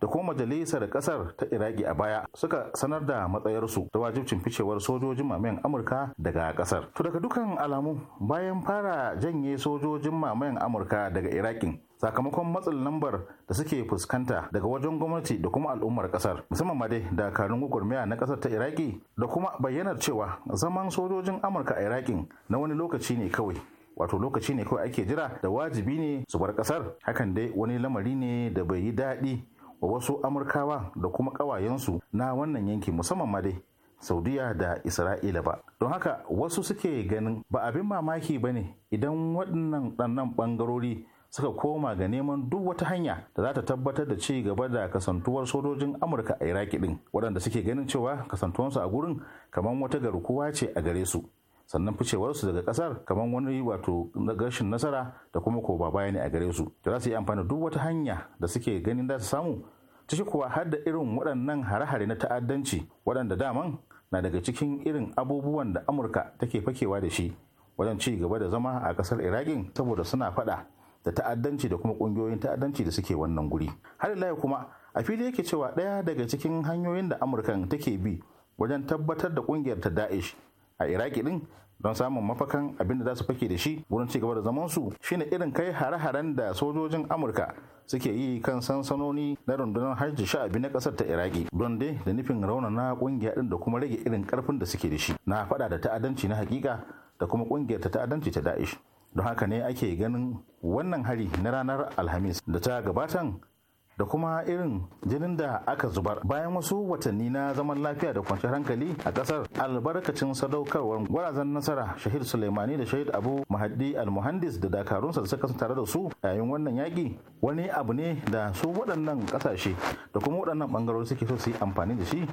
da kuma majalisar kasar ta iraki a baya suka sanar da matsayarsu da wajibcin ficewar sojojin mamayan amurka daga kasar to daga dukan alamu bayan fara janye sojojin mamayan amurka daga irakin sakamakon matsin lambar da suke fuskanta daga wajen gwamnati da kuma al'ummar kasar musamman ma dai dakarun gwagwarmaya na kasar ta iraki da kuma bayyanar cewa zaman sojojin amurka a Iraki na wani lokaci ne kawai wato lokaci ne kawai ake jira da wajibi ne su bar kasar hakan dai wani lamari ne da bai yi daɗi wasu amurkawa da kuma ƙawayensu na wannan yanki musamman ma dai saudiya da isra'ila ba don haka wasu suke ganin ba abin mamaki ba ne idan waɗannan ɗannan ɓangarori suka koma ga neman duk wata hanya da za ta tabbatar da ci gaba da kasantuwar sojojin amurka a iraki ɗin waɗanda suke ganin cewa kasantuwansu a gurin kamar wata garkuwa ce a gare su sannan ficewarsu daga kasar kamar wani wato gashin nasara da kuma ko ba baya a gare su da za su yi amfani duk wata hanya da suke ganin za su samu ciki kuwa har da irin waɗannan hare-hare na ta'addanci waɗanda daman na daga cikin irin abubuwan da amurka take fakewa da shi wajen ci gaba da zama a kasar iraƙin saboda suna faɗa da ta'addanci da kuma ƙungiyoyin ta'addanci da suke wannan guri har ila kuma a fili yake cewa ɗaya daga cikin hanyoyin da amurkan take bi wajen tabbatar da ƙungiyar ta da'ish a iraki din don samun mafakan abin da za su fake da shi wurin ci gaba da zaman su shine irin kai hare-haren da sojojin amurka suke yi kan sansanoni na rundunar harji hajji abin na kasar ta iraki don dai da nufin raunana kungiya din da kuma rage irin karfin da suke da shi na fada da ta'addanci na hakika da kuma kungiyar ta ta'addanci ta da'ish don haka ne ake ganin wannan hari na ranar alhamis da ta gabatan da kuma irin jinin da aka zubar bayan wasu watanni na zaman lafiya da kwanciyar hankali a kasar albarkacin sadaukarwar gwarazan nasara shahid sulaimani da shahid abu mahaddi almuhandis da dakarunsa da suka tare da su yayin wannan yaƙi wani abu ne da su waɗannan ƙasashe da kuma waɗannan ɓangarori suke so su yi amfani da shi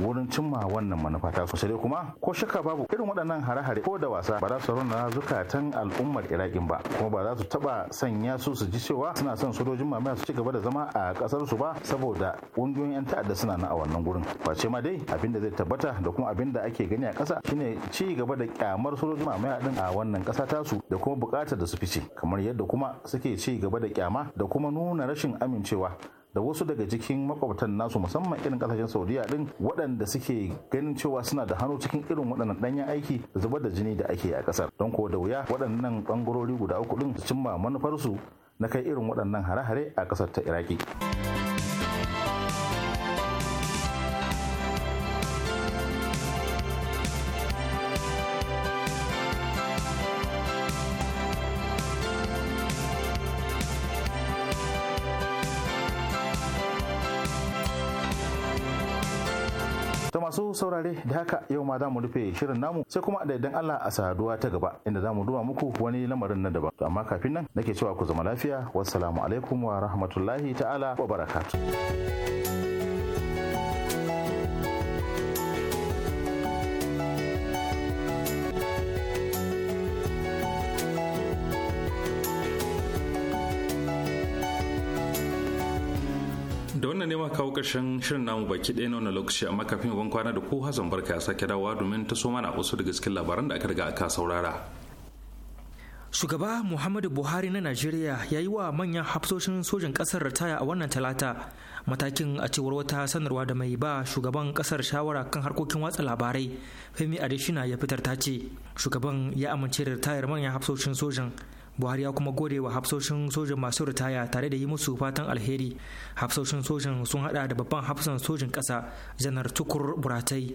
wurin cimma wannan manufa ta su sai kuma ko shaka babu irin waɗannan hare-hare ko da wasa ba za su rauna zukatan al'ummar iraƙin ba kuma ba za su taɓa sanya su su ji cewa suna son sojojin mamaya su ci gaba da zama a a kasar su ba saboda ƙungiyoyin 'yan ta'adda suna na a wannan gurin face ma dai abinda zai tabbata da kuma abinda ake gani a ƙasa shine ci gaba da kyamar sojojin mamaya din a wannan ƙasa tasu da kuma buƙatar da su fice kamar yadda kuma suke ci gaba da kyama da kuma nuna rashin amincewa da wasu daga cikin makwabtan nasu musamman irin kasashen saudiya din waɗanda suke ganin cewa suna da hannu cikin irin waɗannan ɗanyen aiki da zubar da jini da ake a ƙasar don ko da wuya waɗannan ɓangarori guda uku din su cimma manufarsu na kai irin waɗannan hare-hare a ƙasar ta iraki saurare da haka yau ma za mu rufe shirin namu sai kuma da idan Allah a saduwa ta gaba inda za mu duba muku wani lamarin na daban to amma kafin nan nake cewa ku zama lafiya wassalamu alaikum wa rahmatullahi ta'ala wa barakatuh wannan ne maka kawo ƙarshen shirin namu baki ɗaya na wani lokaci amma kafin ban kwana da ku Hassan Barka ya sake dawowa domin ta so mana wasu daga cikin labaran da aka riga aka saurara. Shugaba Muhammadu Buhari na Najeriya ya yi wa manyan hafsoshin sojin ƙasar ritaya a wannan talata matakin a cewar wata sanarwa da mai ba shugaban ƙasar shawara kan harkokin watsa labarai Femi Adesina ya fitar ta ce shugaban ya amince da ritayar manyan hafsoshin sojin buhari ya kuma gode wa hafsoshin sojin masu ritaya tare da yi musu fatan alheri hafsoshin sojin sun hada da babban hafsan sojin kasa janar tukur buratai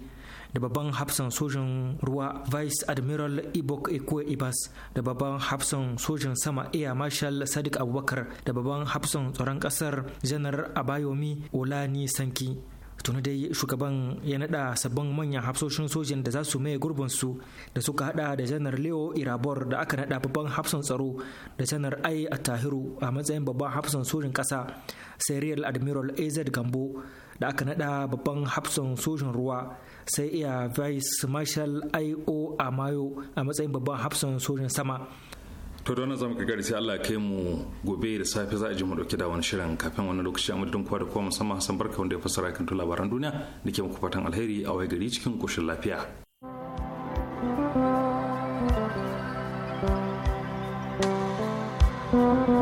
da babban hafsan sojin ruwa vice admiral ibok ekwe ibas da babban hafsan sojin sama air marshal sadiq abubakar da babban hafsan tsaron kasar janar abayomi olani sanki tuni dai shugaban ya naɗa sabbin manyan hafsoshin sojin da za su maye gurbin su da suka hada da janar leo irabor da aka naɗa babban hafsan tsaro da janar ai tahiru a matsayin babban hafsan sojin ƙasa sai real admiral az gambo da aka naɗa babban hafsan sojin ruwa sai iya vice marshal io amayo a matsayin babban hafsan sojin sama to don zamu gari sai Allah ya kai mu gobe da safe za a ji mu dauki da wani shirin kafin wani lokaci amma dun kowa da kowa musamman Hassan Barka wanda ya fassara kan labaran duniya nake muku fatan alheri a wai gari cikin koshin lafiya thank you